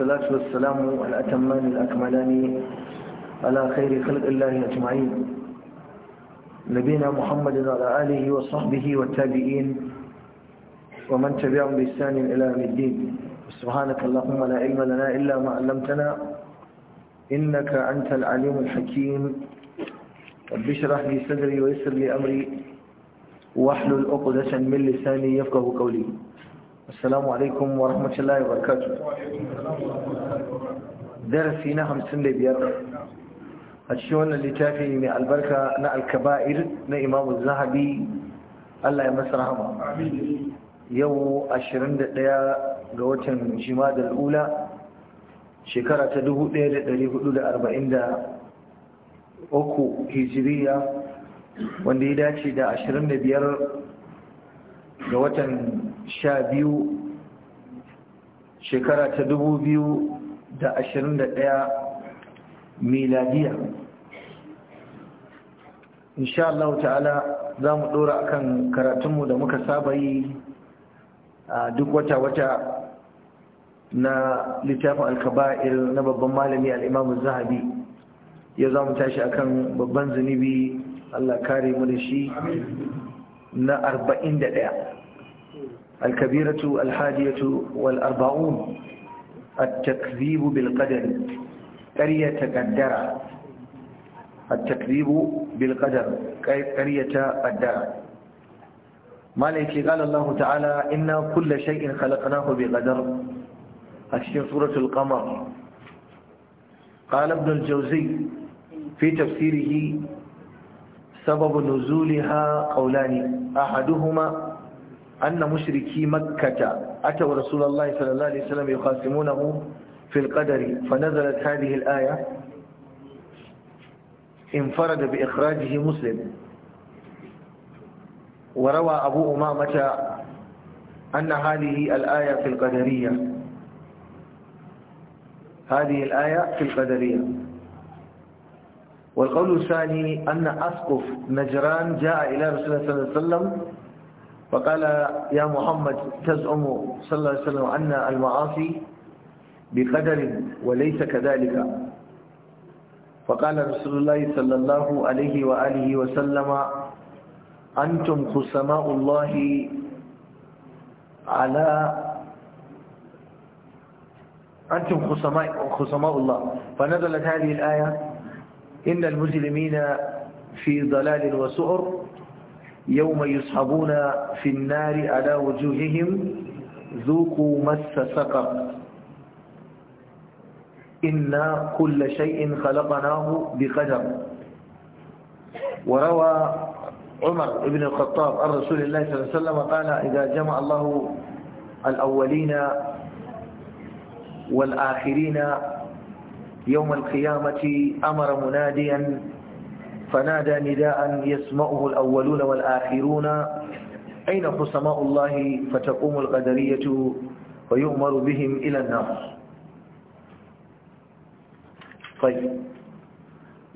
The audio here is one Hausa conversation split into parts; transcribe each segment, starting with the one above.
والصلاة والسلام الأتمان الأكملان على خير خلق الله أجمعين نبينا محمد وعلى آله وصحبه والتابعين ومن تبعهم بإحسان إلى يوم الدين سبحانك اللهم لا علم لنا إلا ما علمتنا إنك أنت العليم الحكيم رب اشرح لي صدري ويسر لي أمري واحلل عقدة من لساني يفقه قولي assalamu alaikum wa rahmatullahi wa barakatuh darasi na hamsin da biyar a cikin wannan littafi mai albarka na alkaba'ir na imamu zahabi Allah ya masa rahama yau 21 ga watan jimadar ula shekara ta 1443 hijiriya wanda ya dace da 25 ga watan sha biyu shekara ta dubu biyu da ashirin da ɗaya miladiya insha Allah ta'ala za mu ɗora a kan karatunmu da muka saba yi a duk wata-wata na littafin alkaba'ir na babban malami al'imamu zahabi ya za mu tashi a kan babban zunubi Allah kare mu da shi na arba'in da ɗaya. الكبيرة الحادية والأربعون التكذيب بالقدر قرية قدر التكذيب بالقدر قرية قدر ما ليك قال الله تعالى إن كل شيء خلقناه بقدر أشياء سورة القمر قال ابن الجوزي في تفسيره سبب نزولها قولان أحدهما أن مشركي مكة أتوا رسول الله صلى الله عليه وسلم يقاسمونه في القدر فنزلت هذه الآية انفرد بإخراجه مسلم وروى أبو أمامة أن هذه الآية في القدرية هذه الآية في القدرية والقول الثاني أن أسقف نجران جاء إلى رسول الله صلى الله عليه وسلم فقال يا محمد تزعم صلى الله عليه وسلم أن المعاصي بقدر وليس كذلك فقال رسول الله صلى الله عليه وآله وسلم أنتم خسماء الله على أنتم خسماء, خسماء الله فنزلت هذه الآية إن المسلمين في ضلال وسعر يوم يسحبون في النار على وجوههم ذوقوا مس سقر إنا كل شيء خلقناه بقدر وروى عمر بن الخطاب عن رسول الله صلى الله عليه وسلم قال إذا جمع الله الأولين والآخرين يوم القيامة أمر مناديا فنادى نداء يسمعه الأولون والآخرون أين خصماء الله فتقوم القدرية ويؤمر بهم إلى النار طيب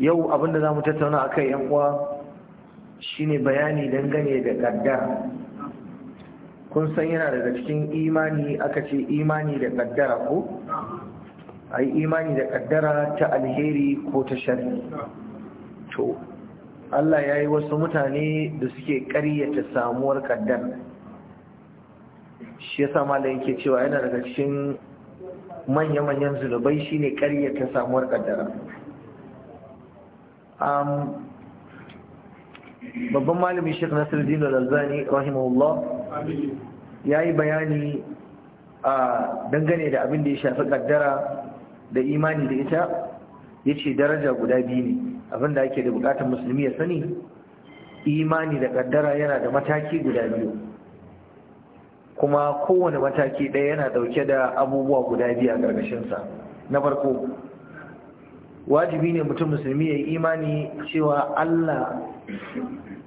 yau abinda za mu tattauna a kai yankuwa shine bayani dangane da ƙadda kun san yana daga cikin imani aka ce imani da ƙaddara ko imani da ƙaddara ta alheri ko ta shari to Allah ya yi wasu mutane da suke ƙaryata samuwar ƙaddar shi ya sama da yake cewa yana daga cikin manya-manyan zunubai shi ne ƙaryata samuwar ƙaddara babban malami Sheikh nasir dino lalzani rahimahullah ya yi bayani a dangane da abin da ya shafi ƙaddara da imani da ita ya ce daraja guda biyu ne abinda ake da bukatar musulmi ya sani imani da kaddara yana da mataki guda biyu kuma kowane mataki ɗaya yana dauke da abubuwa guda biyu a ƙarƙashinsa na farko wajibi ne mutum musulmi ya yi imani cewa Allah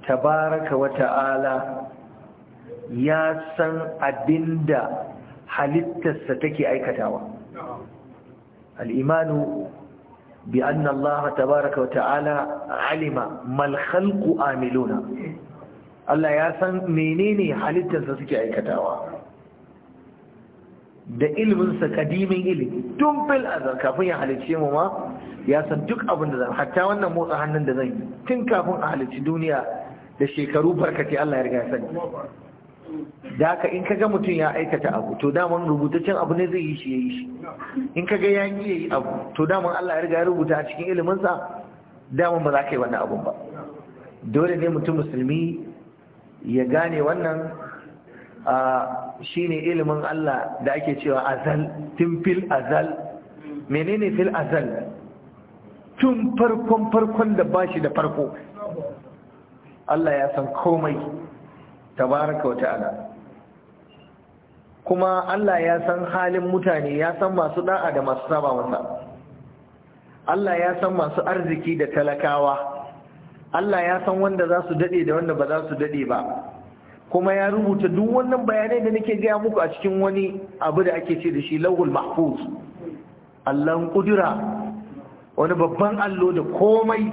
tabaraka wa ta'ala ya san abinda halittarsa take aikatawa al'imanu بأن الله تبارك وتعالى علم ما الخلق آملون الله ياسن منيني حالتا سسكي أي كتاوى da ilminsa kadimin ilimi tun fil azar kafin ya halicce mu ma ya san duk abin da zan hatta wannan motsa hannun da zan yi tun kafin a halicci duniya da shekaru barkati Allah ya riga ya sani da haka in kaga mutum ya aikata abu to daman rubutaccen abu ne zai yi shi ya yi shi in kaga ya yi yayi abu to daman Allah ya riga ya rubuta a cikin iliminsa daman ba za ka yi wannan abun ba dole ne mutum musulmi ya gane wannan shi ne ilimin Allah da ake cewa azal tun fil azal menene fil azal tun farkon farkon da bashi da farko Allah ya san komai tabaraka wa ta'ala kuma Allah ya san halin mutane ya san masu da'a da masu saba masa Allah ya san masu arziki da talakawa Allah ya san wanda za su daɗe da wanda ba za su daɗe ba kuma ya rubuta duk wannan bayanai da nake gaya muku a cikin wani abu da ake ce da shi lawul mahfuz Allahn kudura wani babban allo da komai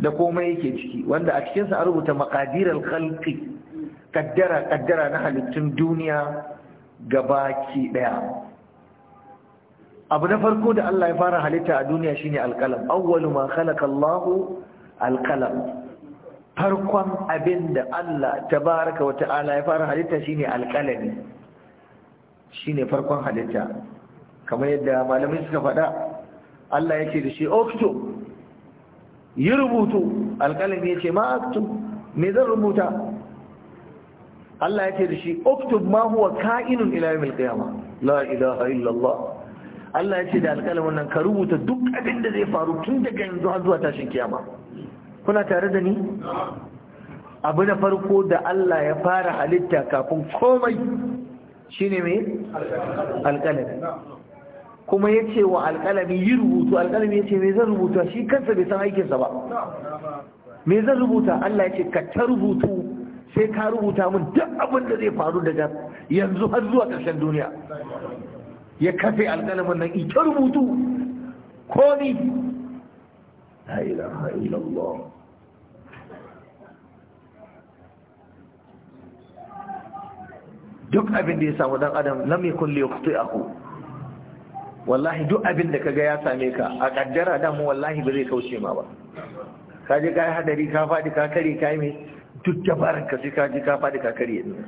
da komai yake ciki wanda a cikinsa a rubuta makadirar khalqi kaddara kaddara na halittun duniya gabaki daya abu na farko da Allah ya fara halitta a duniya shine alqalam awwalu ma khalaqa Allah alqalam farkon abinda Allah tabaraka wa ta'ala ya fara halitta shine alqalami shine farkon halitta kamar yadda malamai suka faɗa Allah ya ce da shi okto yi rubutu alƙalami ya ce ma okto me zan rubuta Allah ya ce da shi uktub ma huwa ka'inun ila yawmil qiyamah la ilaha illallah Allah ya ce da alƙalamin nan ka rubuta duk abin da zai faru tun daga yanzu har zuwa tashin kiyama kuna tare da ni abu na farko da Allah ya fara halitta kafin komai shine me alƙalami kuma ya ce wa alƙalami yi rubutu alƙalami ya ce me zan rubuta shi kansa bai san aikinsa ba me zan rubuta Allah ya ce ka ta rubutu sai ka rubuta min duk abin da zai faru daga yanzu har zuwa ƙarshen duniya ya kafe alƙalamin nan ita rubutu ko ni la ilaha illallah duk abin da ya samu dan adam lam yakun li yuqti'ahu wallahi duk abin da kaga ya same ka a kaddara damu wallahi ba zai kauce ma ba ka je ka hadari ka fadi ka kare kai mai duk dabarar ka sai ka ji ka faɗi ka karye din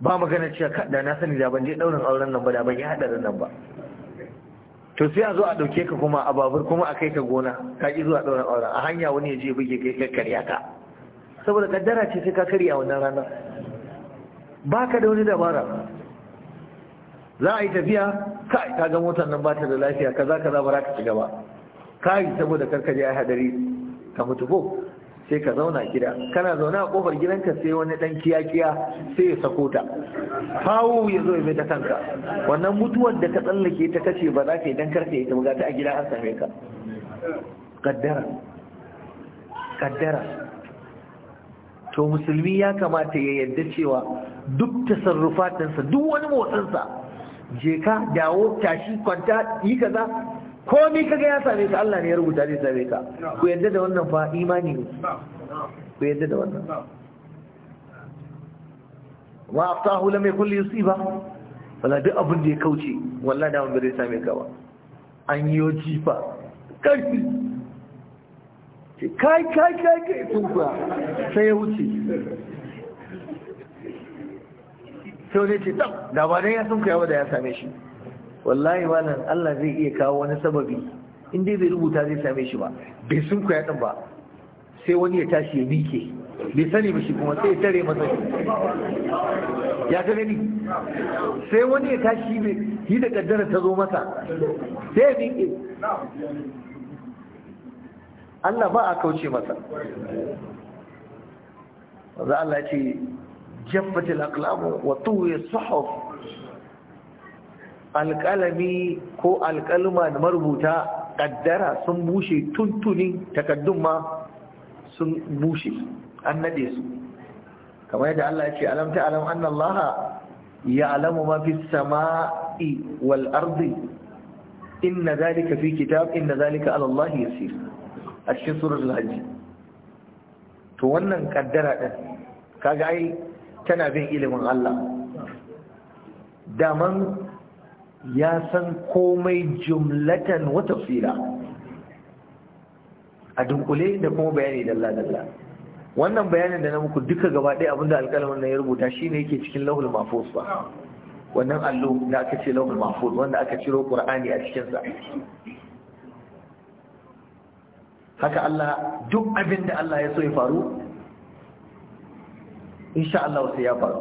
ba magana cewa da na sani da ban je ɗaurin auren nan ba da ban yi haɗarin nan ba to sai a zo a ɗauke ka kuma a babur kuma a kai ka gona ka ƙi zuwa ɗaurin auren a hanya wani ya je buge kai ka karya ka saboda kaddara ce sai ka a wannan ranar ba ka da wani dabara za a yi tafiya kai ka ga motar nan ba ta da lafiya kaza kaza ba za ka ci gaba kai saboda karkaje ai hadari ka mutu ko sai ka zauna gida kana zaune a kofar gidanka sai wani dan kiyakiya sai ya sako ta fawo ya zo ya ta kanka wannan mutuwar da ka tsallake ta kace ba za ka yi dan karfe ita ba ta a gida an same ka kaddara kaddara to musulmi ya kamata ya yarda cewa duk tasarrufatinsa duk wani motsinsa je ka dawo tashi kwanta yi kaza Ko ni kaga ya same ka Allah ne ya rubuta zai same ka ku yadda da wannan fa imani ne ku yadda da wannan wa aftahu lam yakul li yusiba wala duk abin da ya kauce wallahi da wanda zai same ka ba an yi jifa fa kai kai kai kai tunkuwa sai ya wuce sai wani ce da ba dai ya kai wa da ya same shi wallahi malam Allah zai iya kawo wani sababi in dai bai rubuta zai same shi ba bai sun kuya din ba sai wani ya tashi ya mike bai sani ba shi kuma sai ya tare masa shi ya ta gani sai wani ya tashi bai yi da kaddara ta zo masa sai ya mike Allah ba a kauce masa wanda Allah ce jaffatil aklamu wa ya suhuf alƙalami ko alƙalma da marubuta ƙaddara sun bushe tuntunin takaddun ma sun bushe an naɗe su kamar yadda Allah ya ce alamta alam anna Allah ya alamu mafi fi sama'i wal ardi inna zalika fi kitab inna zalika ala yasir a cikin suratul hajj to wannan kaddara ɗin kaga ai tana bin ilimin Allah daman ya san komai jumlatan wa tafsila a dunkule da kuma bayani dalla dalla wannan bayanin da na muku duka gaba ɗaya abinda alƙalamin na ya rubuta shine yake cikin lahul mahfuz ba wannan allo da aka ce lahul mahfuz wanda aka ciro qur'ani a cikin sa haka Allah duk abin da Allah ya so ya faru insha Allah sai ya faru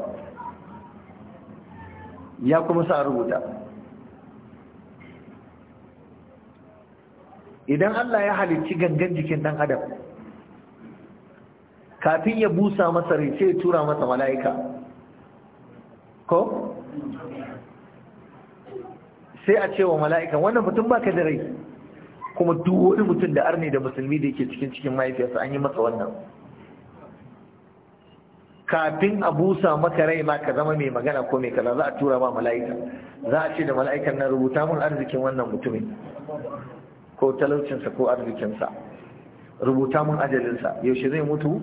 ya kuma sa rubuta idan Allah ya halicci gangan jikin dan adam kafin ya busa masa rai sai ya tura masa mala'ika ko sai a cewa wa mala'ika wannan mutum baka da rai kuma duk wani mutum da arne da musulmi da yake cikin cikin mahaifiyarsa an yi masa wannan kafin a busa maka rai ma ka zama mai magana ko mai kaza za a tura ma mala'ika za a ce da mala'ikan na rubuta mun arzikin wannan mutumin ko talaucinsa ko arzikinsa rubuta mun ajalinsa yaushe zai mutu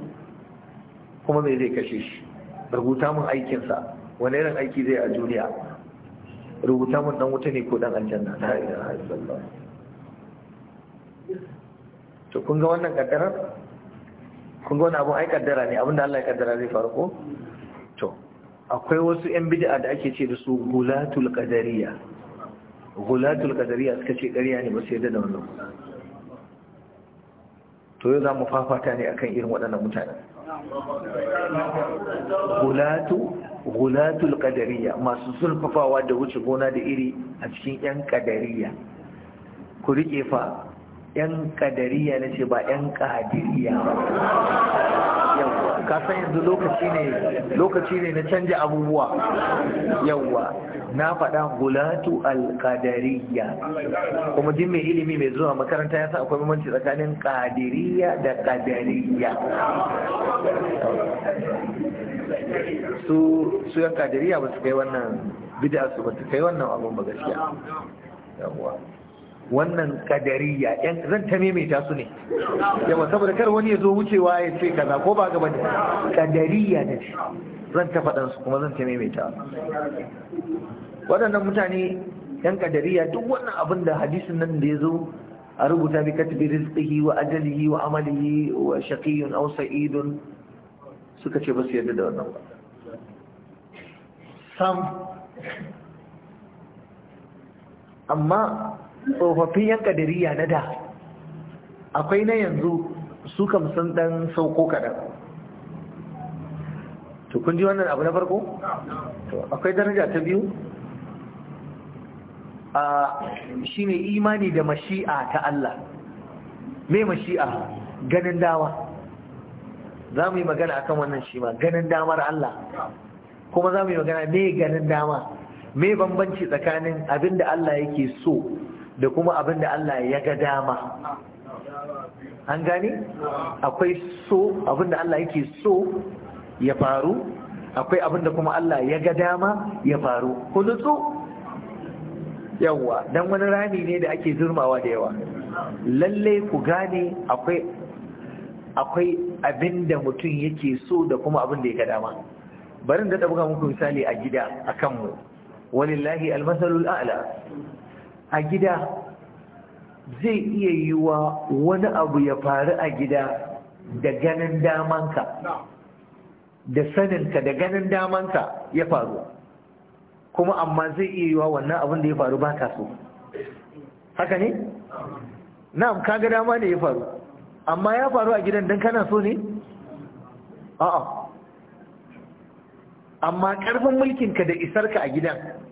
kuma mai zai kashe shi rubuta mun aikinsa wani irin aiki zai a duniya rubuta mun dan wuta ne ko dan aljanna la ilaha illallah to kun ga wannan kaddarar kun ga wannan abun ai kaddara ne abinda Allah ya kaddara zai faru ko to akwai wasu yan bid'a da ake ce da su gulatul qadariyya gulatul kadariya suka ce ƙarya ne ba su yadda da wannan to yau za mu fafata ne akan irin waɗannan mutane gulatu gulatul kadariya masu sulfafawa da wuce gona da iri a cikin 'yan kadariya ku riƙe fa yan kadariya na ce ba yan kadiriya yawwa ka san yanzu lokaci ne lokaci ne na canja abubuwa yawwa na faɗa gulatu alkadariya kuma din mai ilimi mai zuwa makaranta ya sa akwai mamanci tsakanin kadiriya da qadariyya su su yan qadariyya ba su kai wannan bida su ba su kai wannan abun ba gaskiya yawwa wannan kadariya yan zan ta maimaita su ne yawa saboda kar wani ya zo wucewa ya ce kaza ko ba gaba da kadariya da ce zan ta faɗan su kuma zan ta maimaita waɗannan mutane yan kadariya duk wannan abin da hadisin nan da ya zo a rubuta bi katibi rizqihi wa ajalihi wa amalihi wa shaqiyun aw sa'idun suka ce ba su yarda da wannan ba sam amma tsofaffin yan kadiriya na da akwai na yanzu su kam sun dan sauko kaɗan to kun ji wannan abu na farko? to akwai daraja ta biyu? shi ne imani da mashi'a ta Allah me mashi'a ganin dawa za mu yi magana akan wannan shi ma ganin damar Allah kuma za mu yi magana me ganin dama me bambanci tsakanin abinda Allah yake so da kuma abin da Allah ya ga dama an gane akwai so abin da Allah yake so ya faru akwai abin da kuma Allah ya ga dama ya faru ku nutsu yawa don wani rami ne da ake zurmawa da yawa lalle ku gane akwai akwai abin da mutum yake so da kuma abin da ya ga dama barin da buga muku misali a gida a kanmu walillahi almasalul a'la a gida zai iya yi wa wani abu ya faru a gida da ganin damanka da saninka da ganin damanka ya faru kuma amma zai iya yi wa wannan abin da ya faru ba so haka ne? na'am kaga dama ne ya faru amma ya faru a gidan don kana so ne? a'a amma ƙarfin mulkinka da isarka a gidan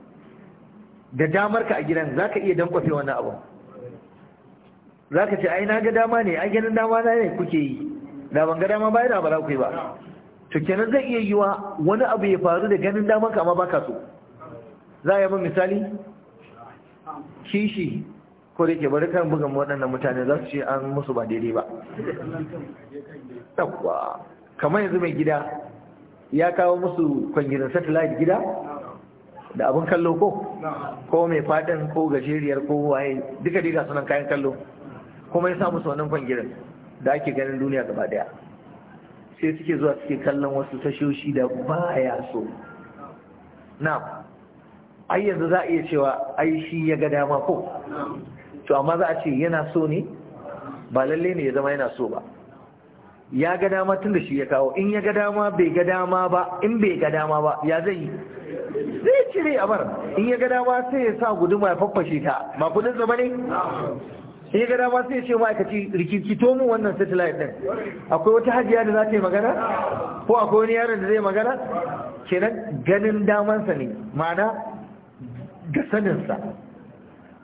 da damar ka a gidan za ka iya dankwafe wani abu za ka ce aina ga dama ne an ganin dama na ne kuke yi da ban ga dama bayan da ba ku yi ba to kenan zai iya yiwa wani abu ya faru da ganin damar ka amma ba ka so za a yi misali kishi ko da ke bari kan bugan waɗannan mutane za su ce an musu ba daidai ba kamar yanzu mai gida ya kawo musu kwangirin satellite gida da abin kallo ko ko mai fadin ko gajeriyar ko waye duka dai sunan kayan kallo kuma ya samu sonin wannan da ake ganin duniya gaba daya sai suke zuwa suke kallon wasu tashoshi da baya so na ai yanzu za a iya cewa ai shi ya ga dama ko to amma za a ce yana so ne ba lalle ne ya zama yana so ba ya ga dama tun da shi ya kawo in ya ga dama bai ga dama ba in bai ga dama ba ya zai zai cire a bar in ya gada sai ya sa guduma ya faffashe ta ba kudin zama ne? in ya gada dama sai ya ce ma'aikaci rikici to mu wannan satellite din akwai wata hajiya da za ta yi magana ko akwai wani yaron da zai magana kenan ganin damansa ne ma'ana ga saninsa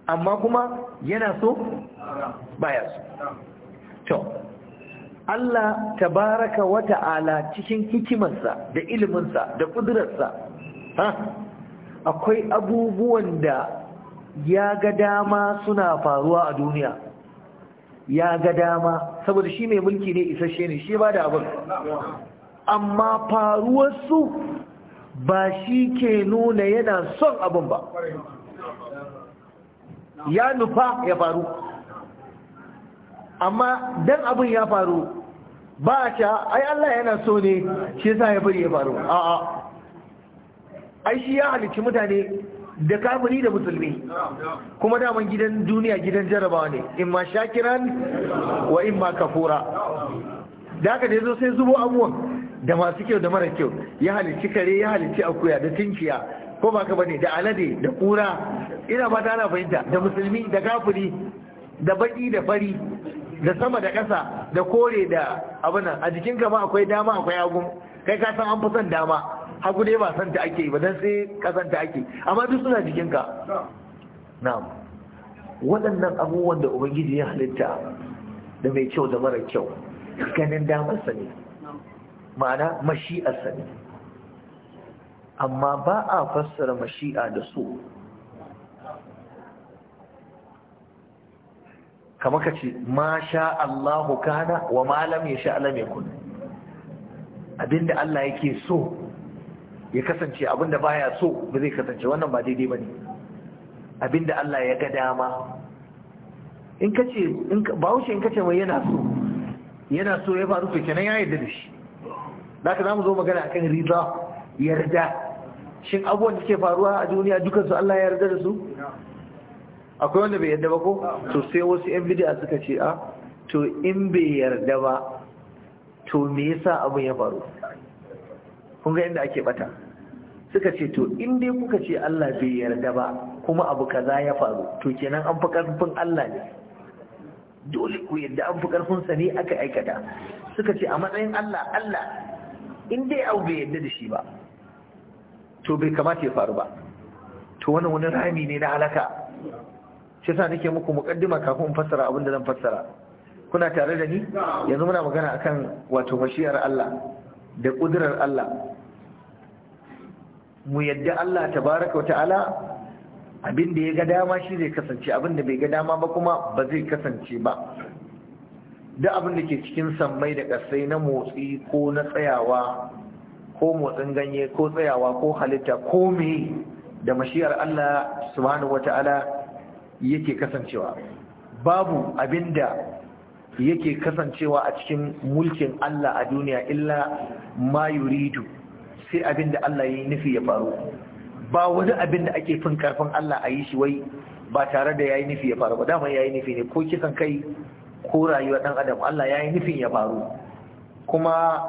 amma kuma yana so baya so to Allah tabaraka wata ala, cikin hikimarsa da iliminsa da kudurarsa ha akwai abubuwan da ya ga dama suna faruwa a duniya ya ga dama saboda shi mai mulki ne isasshe ne shi ba da abin amma faruwarsu ba shi ke nuna yana son abin ba ya nufa ya faru amma don abin ya faru ba a sha ai Allah yana so ne shi sa ya bari ya faru a'a ai shi ya halicci mutane da kafiri da musulmi kuma daman gidan duniya gidan jarabawa ne in ma shakiran wa in ma kafura da aka da zo sai zubo abubuwan da masu kyau da mara kyau ya halicci kare ya halicci akuya da tinkiya ko ba ka bane da alade da kura ina ba ta ana fahimta da musulmi da kafiri da baki da fari da sama da ƙasa da kore da abunan a jikin ma akwai dama akwai agun kai ka san an fi son dama hagu ne ba san ta ake ba dan sai kasan ta ake amma duk suna jikinka na'am waɗannan abubuwan da ubangiji ya halitta da mai kyau da mara kyau ganin damarsa ne ma'ana sa ne amma ba a fassara mashi'a da su kama ka ce ma sha Allahu kana wa malam ya sha Allah mai kun abinda Allah yake so ya kasance abinda baya so ba zai kasance wannan ba daidai bane abinda Allah ya ga dama in kace in wuce in kace mai yana so yana so ya faru nan ya yarda da shi zaka zamu zo magana akan riza yarda shin abubuwan da ke faruwa a duniya dukansu Allah ya yarda da su akwai wanda bai yarda ba ko to sai wasu yan bid'a suka ce a ah, to in bai yarda ba to me yasa abu ya faru kun ga inda ake bata suka ce to in dai kuka ce Allah bai yarda ba kuma abu kaza ya faru to kenan an fi karfin Allah ne dole ku yadda an fi karfin sa ne aka aikata suka ce a matsayin Allah Allah in dai abu bai yarda da shi ba to bai kamata ya faru ba to wannan wani rami ne na halaka shi yasa nake muku mukaddima kafin in fassara abin da zan fassara kuna tare da ni yanzu muna magana akan wato fashiyar Allah da kudurar Allah mu yadda Allah tabaraka wa ta'ala abin da ya ga dama shi zai kasance abin da bai ga dama ba kuma ba zai kasance ba da abin da ke cikin sammai da ƙasai na motsi ko na tsayawa ko motsin ganye ko tsayawa ko halitta ko me da mashiyar Allah subhanahu ta'ala yake kasancewa babu abin da yake kasancewa a cikin mulkin Allah a duniya illa ma yuridu sai abin da Allah ya yi nufi ya faru ba wani abin da ake fin karfin Allah a yi shi wai ba tare da ya yi nufi ya faru ba dama ya yi nufi ne ko kisan kai ko rayuwa ɗan adam Allah ya yi nufin ya faru kuma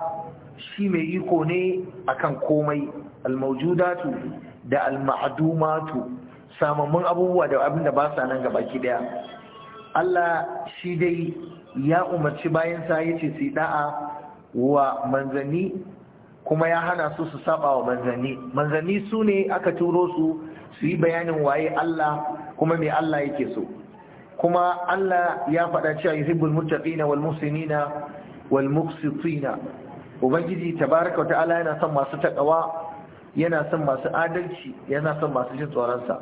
shi mai iko ne akan komai almaujudatu da almahadumatu samammun abubuwa da abin da ba sa nan ki daya Allah shi dai ya umarci bayansa ya ce su da'a wa manzanni kuma ya hana su su saba wa manzanni manzanni su ne aka turo su su yi bayanin waye Allah kuma mai Allah yake so kuma Allah ya faɗa cewa yuhibbul muttaqina wal muhsinina wal muqsitina ubangiji tabaraka wa ta'ala yana son masu takawa yana son masu adalci yana son masu jin tsoron sa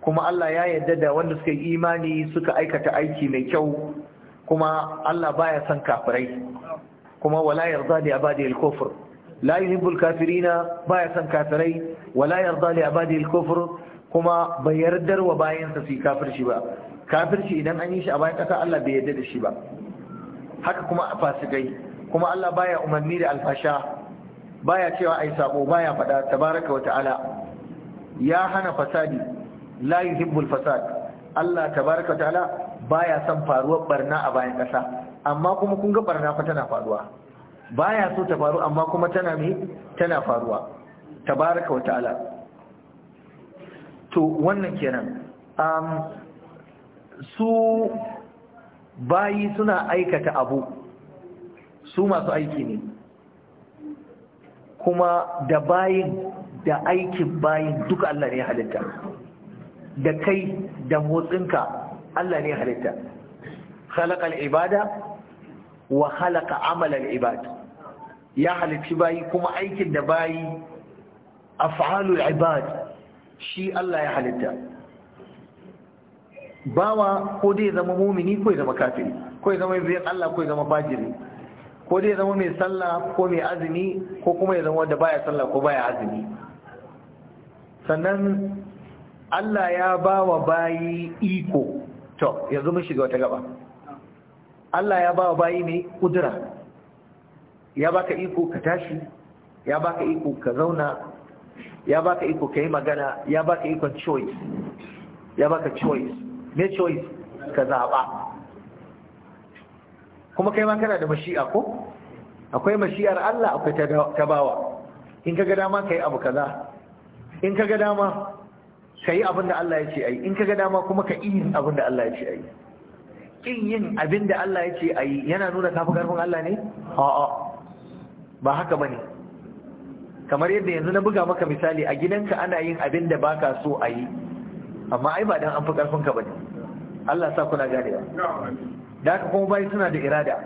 kuma Allah ya yarda da wanda suka yi imani suka aikata aiki mai kyau kuma Allah baya son kafirai kuma wala yarda li abadi al-kufr la yuhibbul kafirina baya son kafirai wala yarda li abadi al-kufr kuma bai yardar wa bayansa su kafirci ba kafirci idan an yi shi a bayan kasa Allah bai yarda da shi ba haka kuma fasikai kuma Allah baya umarni da alfasha baya cewa ai sabo baya fada tabaraka wa ta'ala ya hana fasadi la yuhibbul fasad Allah tabaraka wa ta'ala baya son faruwar barna a bayan kasa amma kuma kun ga barna fa tana faruwa baya so ta faru amma kuma tana mai tana faruwa tabaraka wa ta'ala to wannan kenan um, su bayi suna aikata abu su masu aiki ne kuma da bayin da aikin bayin duka Allah ne halitta da kai da motsinka Allah ne halitta khalaqa ibada wa khalaqa amala ibada ya halicci bayi kuma aikin da bayi fa’alul ibad shi Allah ya halitta bawa ko dai zama mumini ko zama kafiri ko zama bayan Allah ko zama fajiri ko dai zama mai sallah ko mai azumi ko kuma ya zama wanda baya sallah ko baya azumi sannan Allah ya bawa bayi iko to yanzu mun shiga wata gaba Allah ya bawa bayi ne kudura ya baka iko ka tashi ya baka iko ka zauna ya baka iko ka yi magana ya baka ikon choice ya baka choice me choice ka zaba. kuma kai ma kana da mashi'a ko akwai mashi'ar Allah akwai ta bawa in ka ga dama ka yi abu kaza in ka ga dama ka yi abin da Allah ya ce a yi in ka ga dama kuma ka yi abin da Allah ya ce a yi yin abin da Allah ya ce a yi yana nuna kafin karfin Allah ne? a'a ba haka ba ne kamar yadda yanzu na buga maka misali a gidanka ana yin abin da ba ka so a yi amma ai ba dan an fi ƙarfinka ba ne Allah sa kuna gane ba da haka kuma bayi suna da irada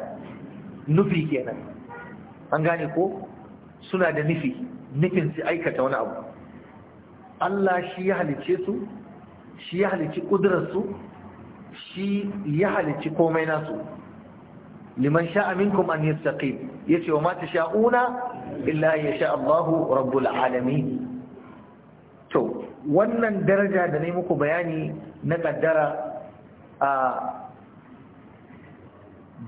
nufi kenan an gane ko suna da nufi nufin su aikata wani abu Allah shi ya halice su shi ya halici ƙudurarsu shi ya halici komai nasu liman sha'a minkum an yastaqim yace wa ma tasha'una illa sha! Allahu rabbul alamin to wannan daraja da nayi muku bayani na kaddara a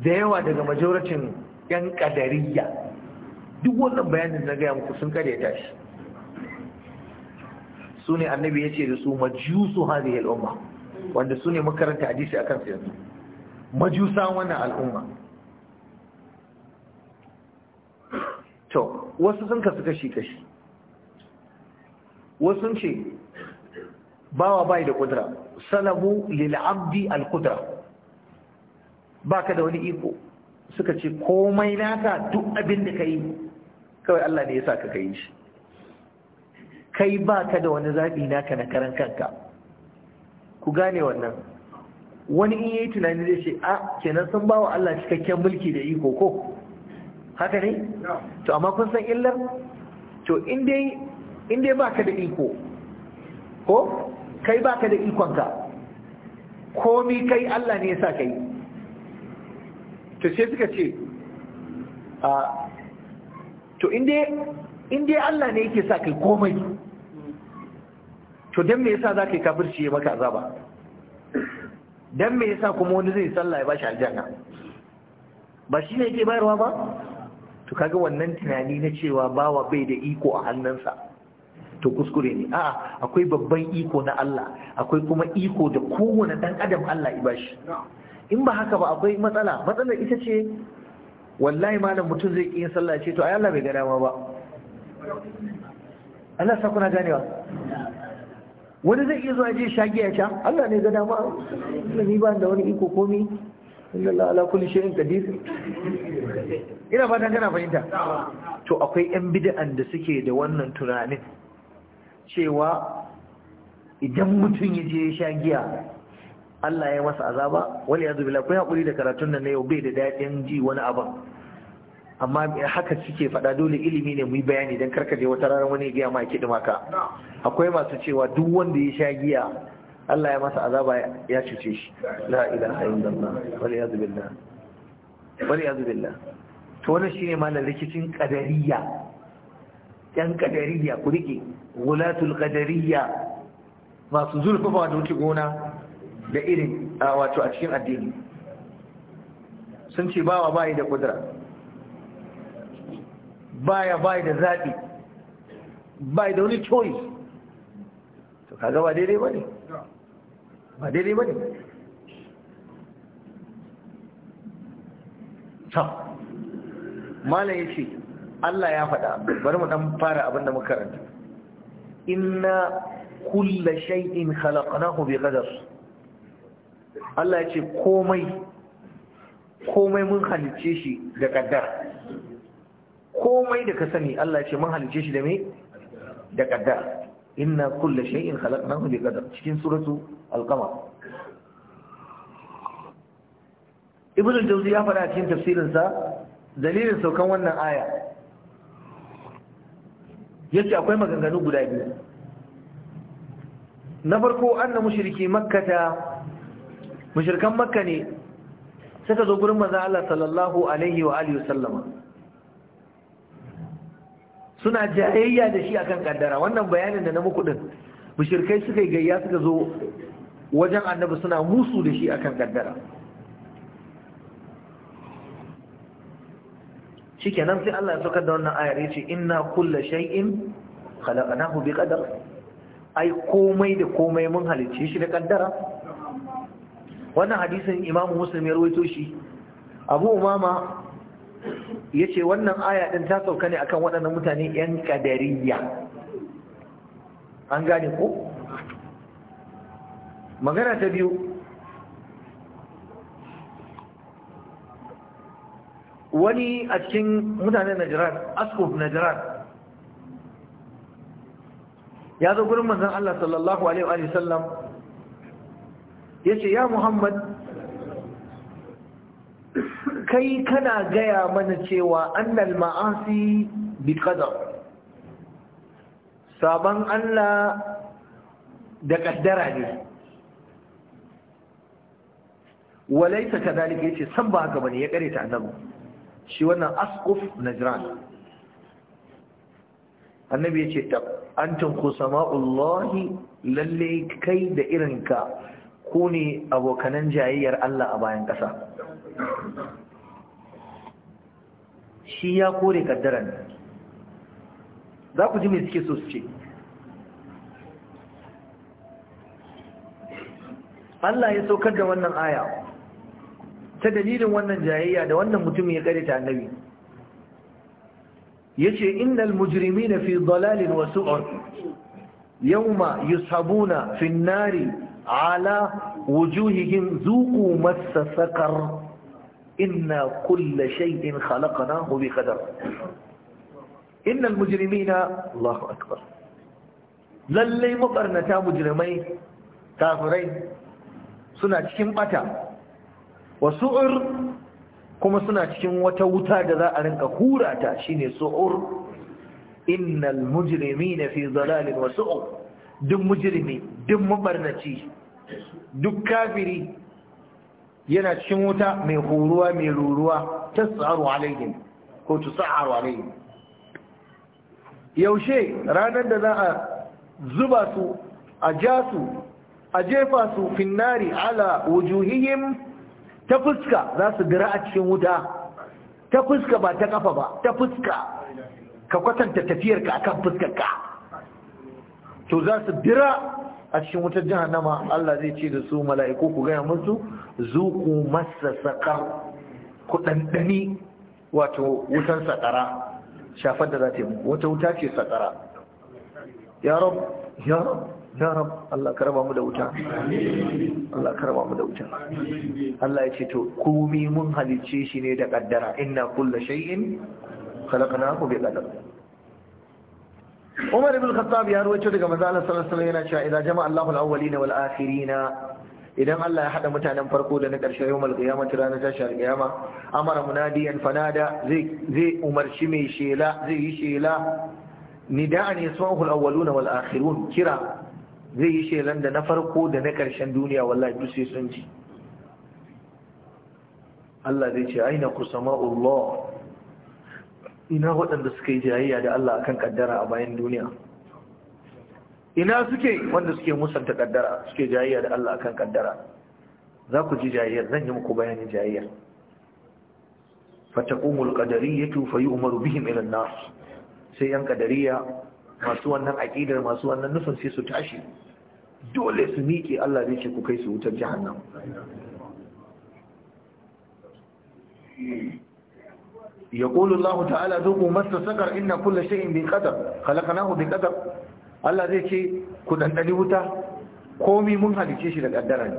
da yawa daga majoratin yan kadariya duk wannan bayanin na gaya muku sun karyata shi su ne annabi ya ce da su majusu hadhihi al'umma wanda su ne makaranta hadisi akan su yanzu majusan wannan al'umma to wasu sun kasu kashi-kashi wasu ce bawa bai da kudura salabu lil'abdi al-kudura baka da wani iko suka ce komai naka duk abin da ka yi kawai Allah ne ya sa ka yi shi kai baka da wani zaɓi naka na karan kanka ku gane wannan wani in yi tunani zai ce a ah, kenan sun bawa Allah cikakken mulki da iko ko haka ne to amma kun san illar to inda ba baka da iko ko kai baka da ikonka komi kai Allah ne yasa kai to sai suka ce a to inda Allah ne yake sa kai komai to don me yasa ka yi kafirci ya maka azaba Don me yasa kuma wani zai sallah ya bashi aljanna ba shi ne ke bayarwa ba to kaga wannan tunani na cewa bawa bai da iko a hannunsa to kuskure ne a'a akwai babban iko na Allah akwai kuma iko da kowane dan adam Allah ya bashi in ba haka ba akwai matsala matsalar ita ce wallahi malam mutum zai yi sallah ce to ai Allah bai ga dama ba Allah sa kuna ganewa wani zai iya zuwa je shagi ya sha Allah ne ga dama ni ba da wani iko komi Allah ala kulli shay'in qadir ina fatan kana fahimta to akwai yan bid'an da suke da wannan tunanin cewa idan mutum ya je ya sha giya Allah ya masa azaba wal yanzu bila ko hakuri da karatun nan yau bai da daɗin ji wani abin amma haka suke faɗa dole ilimi ne mu yi bayani don je wata ranar wani giya ma kiɗi maka akwai masu cewa duk wanda ya sha giya Allah ya masa azaba ya cuce shi la ilaha illallah wal iyad billah bari yanzu billah to wannan shine malam rikicin qadariyya yan qadariyya ku rike gulatul qadariyya masu zulfafa da wuce gona da irin wato a cikin addini sun ce bawa bayi da kudura baya bayi da zaɓi bayi da wani choice to kaga ba daidai ba ne ba daidai ba ne ta malam ya ce Allah ya faɗa bari mu ɗan fara abin da muka karanta inna kulla shay'in khalaqnahu bi qadar Allah ya ce komai komai mun halice shi da qadar komai da ka sani Allah ya ce mun halice shi da me da qadar inna kulla shay'in khalaqnahu bi qadar cikin suratu al-qamar ibn al-jawzi ya fara cikin tafsirin sa dalilin saukan wannan aya yace akwai maganganu guda biyu na farko anna mushriki makkata mushrikan makka ne suka zo gurin manzon Allah sallallahu alaihi wa alihi wasallama suna jayayya da shi akan kaddara wannan bayanin da na muku din mushrikai suka yi gayya suka zo wajen annabi suna musu da shi akan kaddara nan sai Allah ya saukar da wannan ayar yace inna kulla shay'in khalaqnahu biqadar ai komai da komai mun halicce shi da kaddara wannan hadisin Imam Muslim ya rawaito shi Abu Umama yace wannan aya ɗin ta sauka ne akan waɗannan mutane yan kadariya an gane ko magana ta biyu wani a cikin mutanen najirar askuf najirar ya zo gurin manzan Allah sallallahu alaihi wa sallam ya ce ya muhammad kai kana gaya mana cewa annal ma'asi bi qadar sabon Allah da kaddara ne walaita kadalika ce, san ba haka bane ya kare ta annabi shi wannan askuf najran annabi ya ce ta antin ku Allahi lalle kai da irinka ku ne abokanan jayayyar Allah a bayan kasa. shi ya kore kaddaran za ku ji mai suke so su ce Allah ya saukar da wannan aya ta dalilin wannan jayayya da wannan mutum ya karita annabi yace innal mujrimina fi dalalin wa su'ur yawma yushabuna fi an-nari ala wujuhihim zuqu massa saqar inna kulla shay'in khalaqnahu bi qadar innal mujrimina Allahu akbar lalle mabarnata mujrimai kafirai suna cikin bata wa kuma suna cikin wata wuta da za a rinka hura ta shine su'ur innal mujrimina fi dhalalin wa duk mujrimi duk mabarnaci duk kafiri yana cikin wuta mai horuwa mai ruruwa tasaru alaihim ko tusaru alaihim yaushe ranar da za a zuba su a ja su a jefa su finnari ala wujuhihim ta fuska za su dira a cikin wuta ta fuska ba ta kafa ba ta fuska ka kwatanta tafiyarka akan fuskarka to za su dira a cikin wutar jihannama Allah zai ce da su mala'iku ku gaya musu zuku masa saka ku ɗanɗani wato wutar saƙara shafar da za ta yi wata wuta ce saƙara ya rab ya rab ya rab Allah ka raba mu da wuta Allah ka raba mu da wuta Allah ya ce to komai mun halicce shi ne da kaddara inna kullu shay'in khalaqnahu bi qadar Umar ibn Khattab ya ruwaito daga manzo Allah sallallahu alaihi wasallam yana cewa idan jama'a Allahu al-awwalina wal akhirina idan Allah ya hada mutanen farko da na ƙarshe yawmal qiyamati ranar tashar qiyama amara munadiyan fanada zai zai umarci mai shela zai yi shela nida'an yasmahu al-awwaluna wal akhirun kira zai yi shelan da na farko da na ƙarshen duniya wallahi duk sai sun ji Allah zai ce aina ku sama'ullah ina waɗanda suka yi jayayya da Allah akan kaddara a bayan duniya ina suke wanda suke musanta kaddara suke jayayya da Allah akan kaddara za ku ji jayayyar zan yi muku bayanin jayayyar fataqumul qadariyatu fayu'maru bihim ila an nas sai yan qadariya masu wannan aqidar masu wannan nufin sai su tashi dole su miƙe Allah zai ce ku kai su wutar jahannam يقول الله sakar ina مس سقر ان ƙasar شيء ku da ƙasar. Allah zai ce ku ɗanɗani wuta komi mun halice shi da ƙaddara ne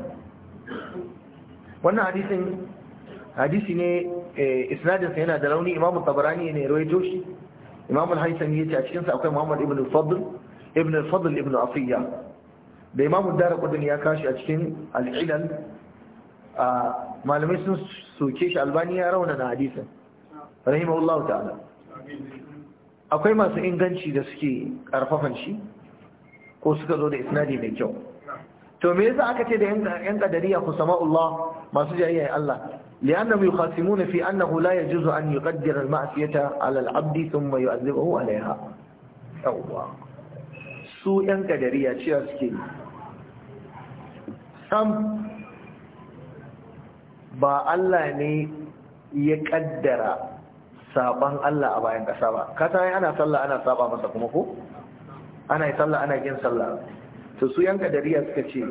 wannan hadisin hadisi ne eh, isnadinsa yana da rauni Imam Tabarani ne rawaito shi Imam haisani ya ce a cikinsa akwai Muhammad ibn Al-Fadl ibn Al-Fadl ibn afiyya da imamu dara kudin ya kashi a cikin al'ilal a malamai sun soke shi albani ya rauna na hadisin rahimahullahu ta'ala akwai masu inganci da suke karfafan shi ko suka zo da isnadi mai kyau to me yasa aka ce da yan kadariya ku sama'ullah masu jayayya Allah لأنهم يخاصمون في أنه لا يجوز أن يقدر المعصية على العبد ثم يعذبه عليها أوه. su ‘yan kadariya cewa suke sam ba Allah ne ya kaddara saban Allah a bayan ƙasa ba kasa yi ana sallah ana saba masa kuma ko ana yi sallah ana yin sallah su su yanka dariya suka ce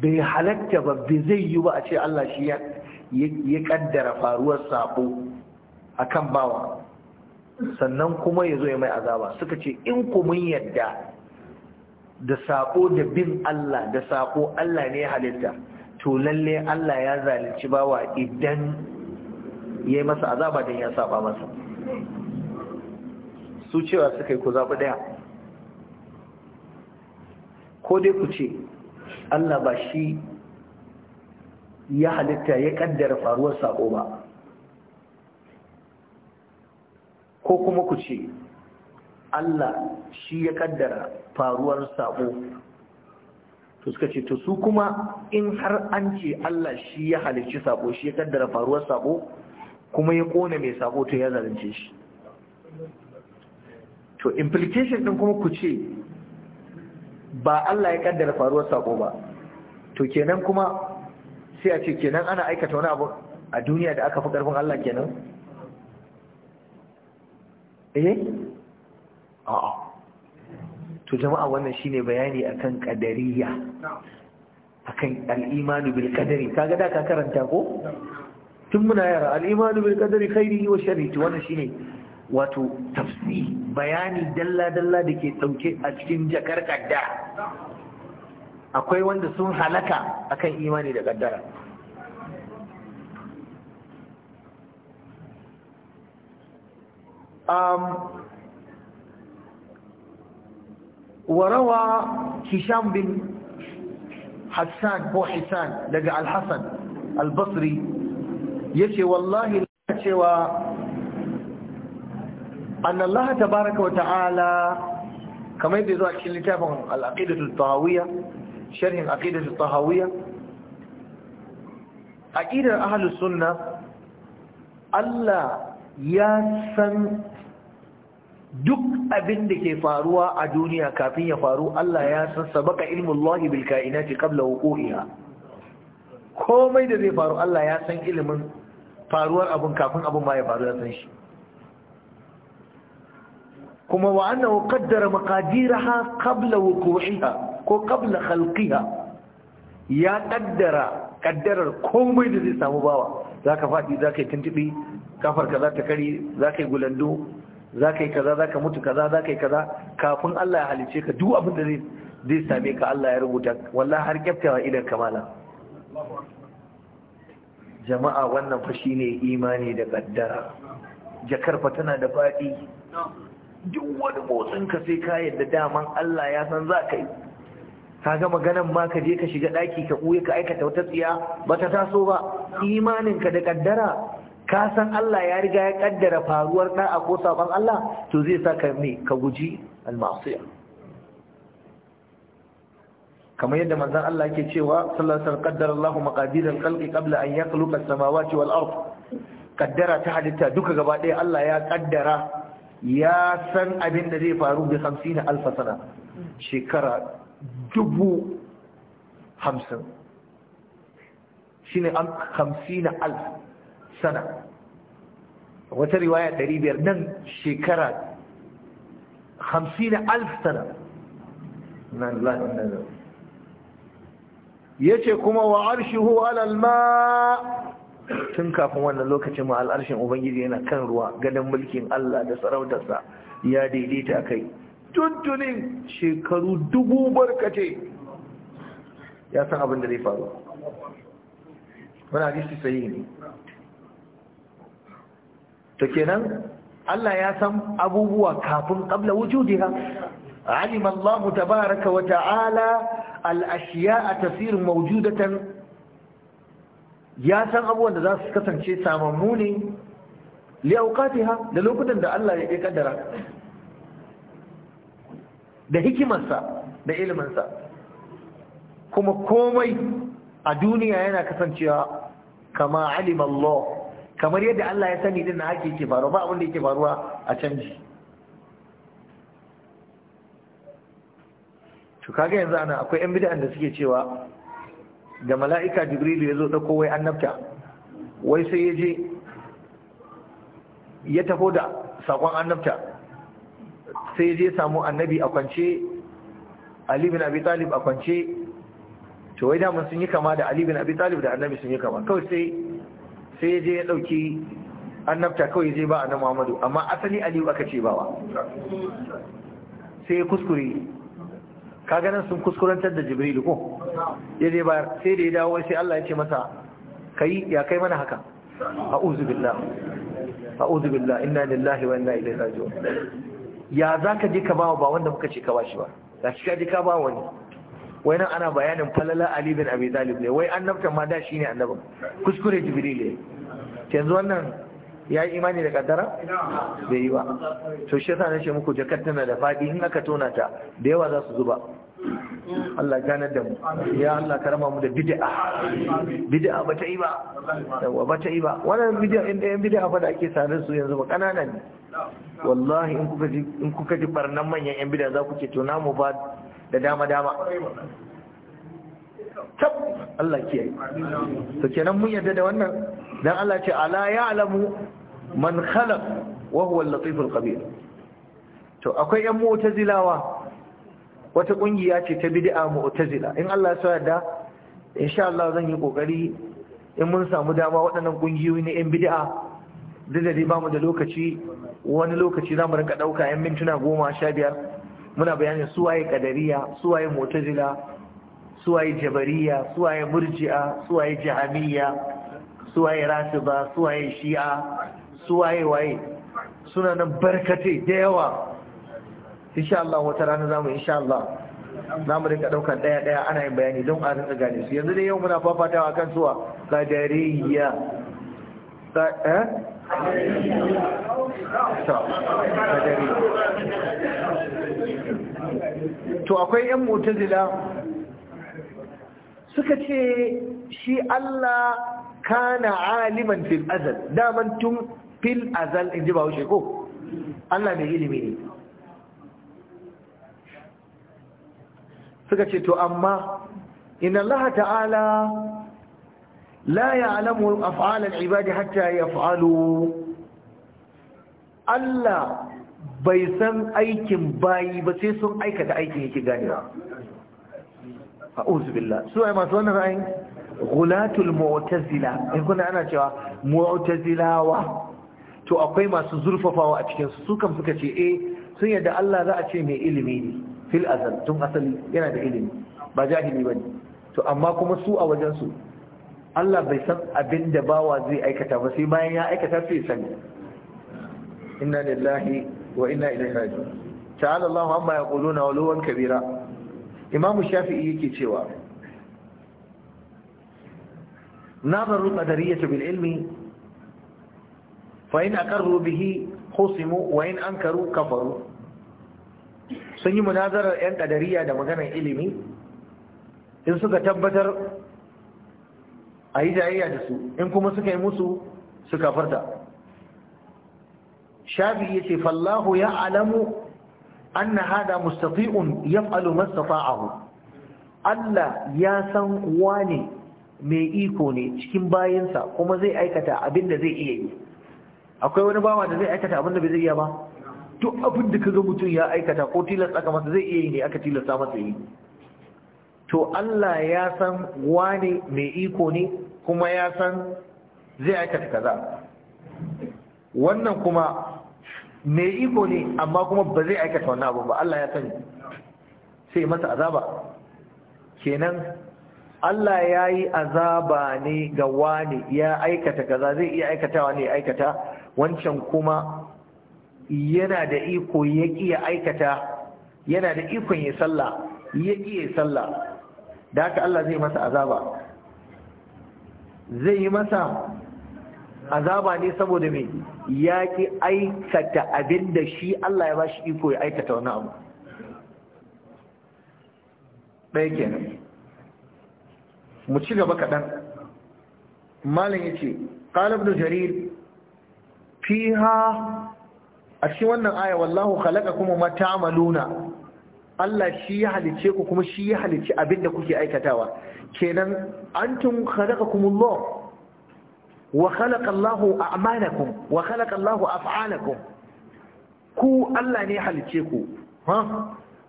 bai halatta ba bai zai yi ba a ce Allah shi ya kaddara faruwar sabo kan bawa sannan kuma ya zo ya mai azaba suka ce in ku mun yadda da sako da bin Allah da sako Allah ne ya halitta to lalle Allah ya zalunci bawa idan ya yi masa azaba don ya saba masa su cewa suka yi ku zaɓi ɗaya ko dai ku ce Allah ba shi ya halitta ya ƙaddara faruwar sako ba ko kuma ku ce Allah shi ya kaddara faruwar sabo to suka ce to su kuma in har an ce Allah shi ya halicci sabo shi ya kaddara faruwar sabo kuma ya kone mai sabo to ya zalunce shi to implication din kuma ku ce ba Allah ya kaddara faruwar sabo ba to kenan kuma sai a ce kenan ana aikata wani abu a duniya da aka fi karfin Allah kenan eh a'a to jama'a wannan shine bayani akan qadariyya akan al-imanu bil qadari kaga da ka karanta ko tun muna yara al-imanu bil qadari khairihi wa sharrihi wannan shine wato tafsir bayani dalla dalla dake dauke a cikin jakar kadda akwai wanda sun halaka akan imani da kaddara um وروى هشام بن حسان هو حسان لقى الحسن البصري يشي والله شوى أن الله تبارك وتعالى كما يبدو ذلك لتابع العقيدة الطهوية شرح العقيدة الطهوية عقيدة أهل السنة الله يا سن duk abin da ke faruwa a duniya kafin ya faru Allah ya san sassabaka ilmin Allah bil kainati qabla wuqu'iha komai da zai faru Allah ya san ilimin faruwar abun kafin abun ma ya faru ya san shi kuma wa annahu qaddara maqadiraha qabla wuqu'iha ko qabla khalqiha ya kaddara kaddarar komai da zai samu bawa zaka fadi zaka yi tuntubi kafarka za ta kare ka yi gulando za ka yi kaza za ka mutu kaza za ka yi kaza kafin Allah ya halice ka duk abin da zai same ka Allah ya rubuta wallah har kyaftawa idan kamala jama'a wannan fa shine imani da kaddara jakar fa tana da fadi duk wani motsin ka sai ka yadda daman Allah ya san za ka yi ka ga maganan ma ka je ka shiga daki ka kuye ka aikata wata tsiya ba ta taso ba imanin ka da kaddara ka san Allah ya riga ya kaddara faruwar a ko sabon Allah to zai sa ka me ka guji al-ma'siya kamar yadda manzon Allah yake cewa sallallahu alaihi wasallam qaddara Allahu maqadir al-khalqi qabla an yakhluqa as-samawati wal ard kaddara ta halitta duka gaba ɗaya Allah ya kaddara ya san abin da zai faru bi 50000 sana shekara dubu hamsin shine an sana wata riwaya 500 nan shekara 50,000 sana nan ya ce kuma wa arshi hu alalma tun kafin wannan lokacin ma al'arshin ubangiji yana kan ruwa ganin mulkin Allah da sarautarsa ya daidaita kai tuntunin shekaru dubu barkace ya san abin da zai faru wani hadisi sahihi ne Da kenan Allah ya san abubuwa kafin qabla wujudiha alima Allah tabaaraka wa ta'ala al a tasirin mawjudatan ya san abubuwan da za su kasance samammu ne li ha da lokutan da Allah ya kaddara da hikimarsa da iliminsa kuma komai a duniya yana kasancewa kama alima kamar yadda Allah ya sani din na haƙi yake faru ba abinda yake faruwa a canji to kaga yanzu ana akwai yan bid'an da suke cewa da mala'ika jibrilu ya zo kowai wai annabta wai sai ya je ya tafo da sakon annabta sai ya je samu annabi a kwance ali bin abi talib a kwance to wai da mun sun yi kama da ali bin abi talib da annabi sun yi kama kawai sai sai je ya dauki annabta kawai zai ba nan Muhammadu amma asali Aliyu aka ce bawa sai ya kuskure ka ganin sun kuskurantar da Jibril ko ya zai bayar sai da ya dawo sai Allah ya ce masa kai ya kai mana haka a'udhu billah a'udhu billah inna lillahi wa inna ilaihi raji'un ya zaka je ka bawa ba wanda muka ce ka bashi ba ga shi ka je ka bawa wani wai nan ana bayanin falala Ali bin Abi Talib ne wai annabtan ma da shi ne annabin kuskure Jibril ne yanzu wannan ya yi imani da kaddara bai yi ba to shi yasa nashi muku jakar da fadi in aka tona ta da yawa za su zuba Allah ganar da mu ya Allah karama mu da bid'a bid'a ta yi ba yawa ta yi ba wannan bid'a inda yan bid'a fa da ake sanar su yanzu ba kanana ne wallahi in kuka ji in kuka ji barnan manyan yan bid'a za ku ce to namu ba da dama dama tab Allah kiyaye to kenan mun yarda da wannan dan Allah ce ala ya'lamu man khalaq wa huwa al-latif al-khabir to akwai yan mu'tazilawa wata kungiya ce ta bid'a mu'tazila in Allah ya yarda insha Allah zan yi kokari in mun samu dama waɗannan kungiyoyi ne yan bid'a dinda dai bamu da lokaci wani lokaci za mu rinka ɗauka yan mintuna goma sha biyar muna bayanin suwaye kadariya suwaye mu'tazila suwaye jabariya suwaye murji'a suwaye jahamiyya suwaye rafida suwaye shi'a suwaye waye suna nan barkatai da yawa insha Allah wata rana zamu insha Allah zamu rika daukar daya daya ana yin bayani don a rinka gane su yanzu dai yau muna fafatawa kan suwa qadariyya ta eh to akwai yan mutazila suka ce shi Allah kana aliman fil azal daman tun fil azal in ji ba wuce ko Allah mai ilimi ne suka ce to amma inna Allah ta'ala la ya'lamu af'al al hatta yaf'alu Allah bai san aikin bayi ba sai sun aikata aikin yake ganewa a'udhu billah su ai masu wannan ra'ayin gulatul mu'tazila in kuna ana cewa mu'tazilawa to akwai masu zurfafawa a cikin su kan suka ce eh sun yadda Allah za a ce mai ilimi ne fil azal tun asali yana da ilimi ba jahili bane to amma kuma su a wajen su Allah bai san abin da bawa zai aikata ba sai bayan ya aikata sai sani inna lillahi wa inna ilaihi raji'un ta'ala Allahu amma yaquluna wa luwan kabira imamu shafi'i yake cewa ناظروا القدرية بالعلم فإن أقروا به خصموا وإن أنكروا كفروا sun yi munazarar 'yan ƙadariya da maganar ilimi in suka tabbatar a yi jayayya da su in kuma suka yi musu suka farta shafi ya ce fallahu ya alamu an na hada mustafi'un ya falo mastafa Allah ya san wane mai iko ne cikin bayansa kuma zai aikata abin da zai iya yi akwai wani bawa da zai aikata abin da bai zai iya ba duk abin da kaga mutum ya aikata ko tilasta ka masa zai iya yi ne aka tilasta masa yi to Allah ya san wane mai iko ne kuma ya san zai aikata kaza wannan kuma mai iko ne amma kuma ba zai aikata wannan abu ba Allah ya sani sai masa azaba kenan Allah ya yi azaba ne ga wani ya aikata kaza zai iya aikatawa ne aikata wancan kuma yana da iko ya iya aikata yana da ikon ya sallah ya iya sallah da haka Allah zai masa azaba zai yi masa azaba ne saboda mai ya ki aikata abin da shi Allah ya ba shi iko ya aikata wani abu ɗaya kenan mu ci gaba kaɗan malin ya ce ƙalab da jarir fi ha a cikin wannan aya wallahu halaka kuma mata amaluna Allah shi ya halice ku kuma shi ya halice abin da kuke aikatawa kenan an tun halaka kuma Allah wa halaka Allahu a'malakum wa halaka Allahu af'alakum ku Allah ne halice ku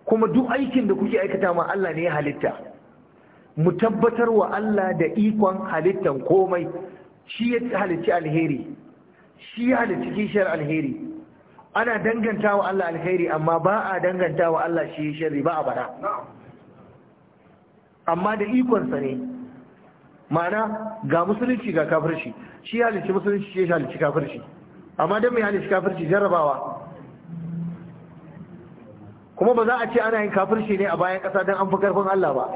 kuma duk aikin da kuke aikatawa ma Allah ne ya halitta mu tabbatar wa Allah da ikon halittan komai shi ya halicci alheri shi ya halicci kishiyar alheri ana danganta wa Allah alheri amma ba a danganta wa Allah shi ya shari ba a bara amma da ikonsa ne ma'ana ga musulunci ga kafirci shi ya halicci musulunci shi ya halicci kafirci amma don mai halicci kafirci jarrabawa kuma ba za a ce ana yin kafirci ne a bayan ƙasa don an fi karfin Allah ba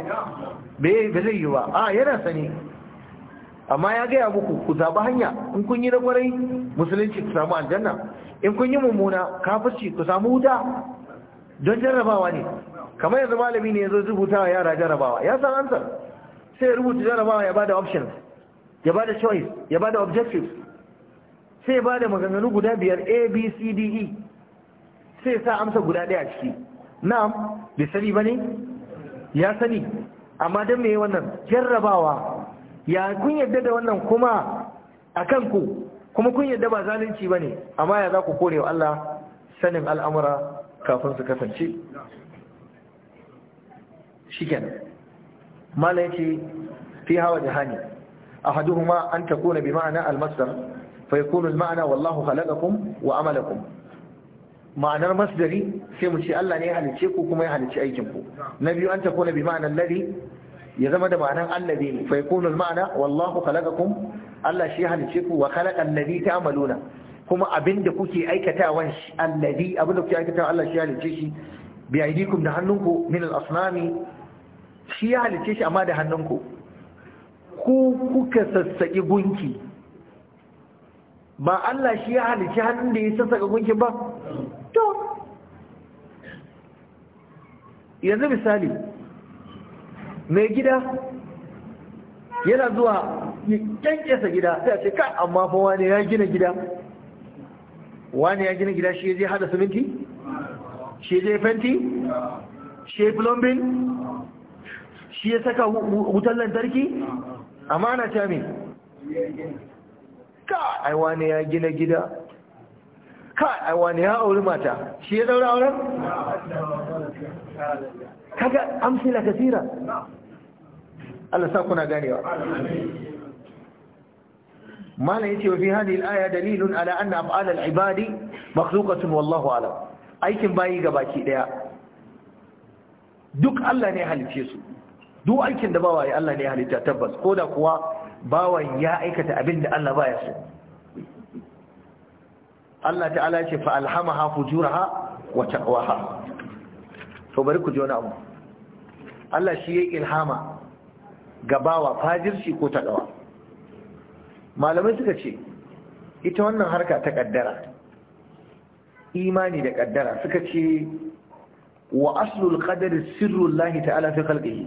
ba zai yi ba a yana sani amma ya gaya muku ku zaɓi hanya in kun yi na musulunci ku samu aljanna in kun yi mummuna kafirci ku samu wuta don jarrabawa ne kamar yanzu malami ne ya zo rubuta wa yara jarrabawa ya san ansar sai rubuta jarrabawa ya bada options ya bada choice ya bada objectives sai ya bada maganganu guda biyar a b c d e sai sa amsa guda ɗaya a ciki na'am bai sani ba ne ya sani amma don mai wannan jarrabawa ya kun yadda da wannan kuma a kanku kuma kun yadda ba zalunci ba ne amma ya za ku kore wa Allah sanin al'amura kafin su kasance shiken mala yake fi hawa jihani ahaduhuma an takuna bi ma'ana al-masdar fa yakunu maana wallahu khalaqakum wa amalakum ma'anar masdari sai mu ce Allah ne ya halice ku kuma ya halice aikin ku na biyu an takuna bi ma'anar Ladi. ya zama da ma'anar allazi ne fa yakunu ma'ana wallahu khalaqakum Allah shi ya halice ku wa khalaqa allazi ta'maluna kuma abinda kuke aikatawan shi abinda kuke aikatawan Allah shi ya halice shi bi aidikum da hannunku min al-asnami shi ya halice shi amma da hannunku ku kuka sassaki gunki ba Allah shi ya halici hannun da ya ga gunki ba to yanzu misali mai gida yana zuwa ya kyankyasa gida sai a ce ka amma fa wani ya gina gida wani ya gina gida shi ya je hada siminti shi ya je fenti shi ya plumbing shi ya saka wutar lantarki amma ana ce ka ai wani ya gina gida ka ai wani ya auri mata shi ya daura auren kaga amsila kasira Allah sa kuna ganewa malam yace wa fi hadhihi al-aya dalilun ala anna af'al al-ibadi makhluqatun wallahu alam aikin bayi gabaki daya duk Allah ne halice su duk aikin da bawaye Allah ne halitta tabbas koda kuwa bawan ya aikata abin da Allah baya so Allah ta'ala ce fa alhamaha fujuraha wa taqwaha to bari ku ji wani abu Allah shi ya ilhama ga bawa fajirci ko taqwa malamai suka ce ita wannan harka ta kaddara imani da kaddara suka ce wa aslul qadari sirrullahi ta'ala fi khalqihi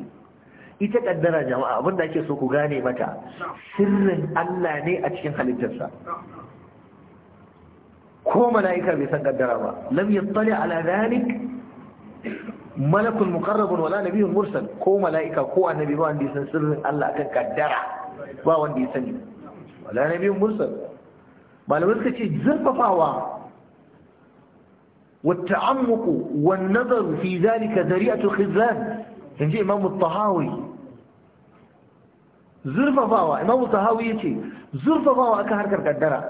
ita kaddara jama'a abin da ake so ku gane mata sirrin Allah ne a cikin halittarsa ko mala'ika bai san kaddara ba lam yattali ala zalik malakul muqarrabun wala nabiyyun mursal ko mala'ika ko annabi ba wanda ya san sirrin Allah akan kaddara ba wanda ya sani wala nabiyyun mursal malamai suka ce zurfafawa والتعمق والنظر في ذلك ذريعة الخذلان inji imamu tahawi zurfafawa imamu sahawi ya ce zurfafawa aka harkar kaddara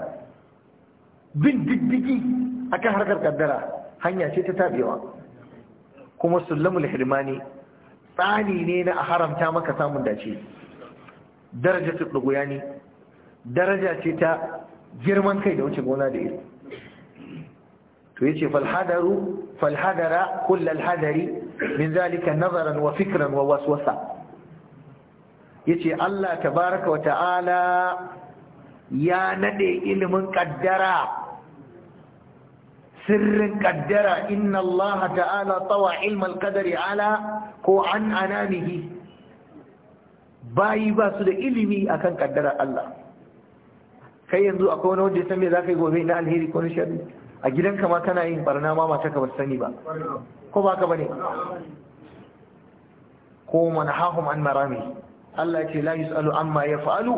bin diddigi aka harkar kaddara hanya ce ta tabewa kuma sullamul hirmani tsani ne na a haramta maka samun dace daraja su ɗuguya ne daraja ce ta girman kai da wuce gona da iri to yace falhadaru falhadara kullal hadari min zalika nazaran wa fikran wa waswasa yace Allah tabaraka wa ta'ala ya nade ilimin kaddara sirrin kaddara inna Allah ta'ala tawa ilmal qadari ala ko an anamihi bayi ba su da ilimi akan kaddara Allah kai yanzu akwai wani wanda ya san me zaka yi gobe na alheri ko na sharri a gidanka ma kana yin barna ma mata ka bar sani ba ko ba ka bane ko manahahum an marami Allah ce la yus'alu amma yaf'alu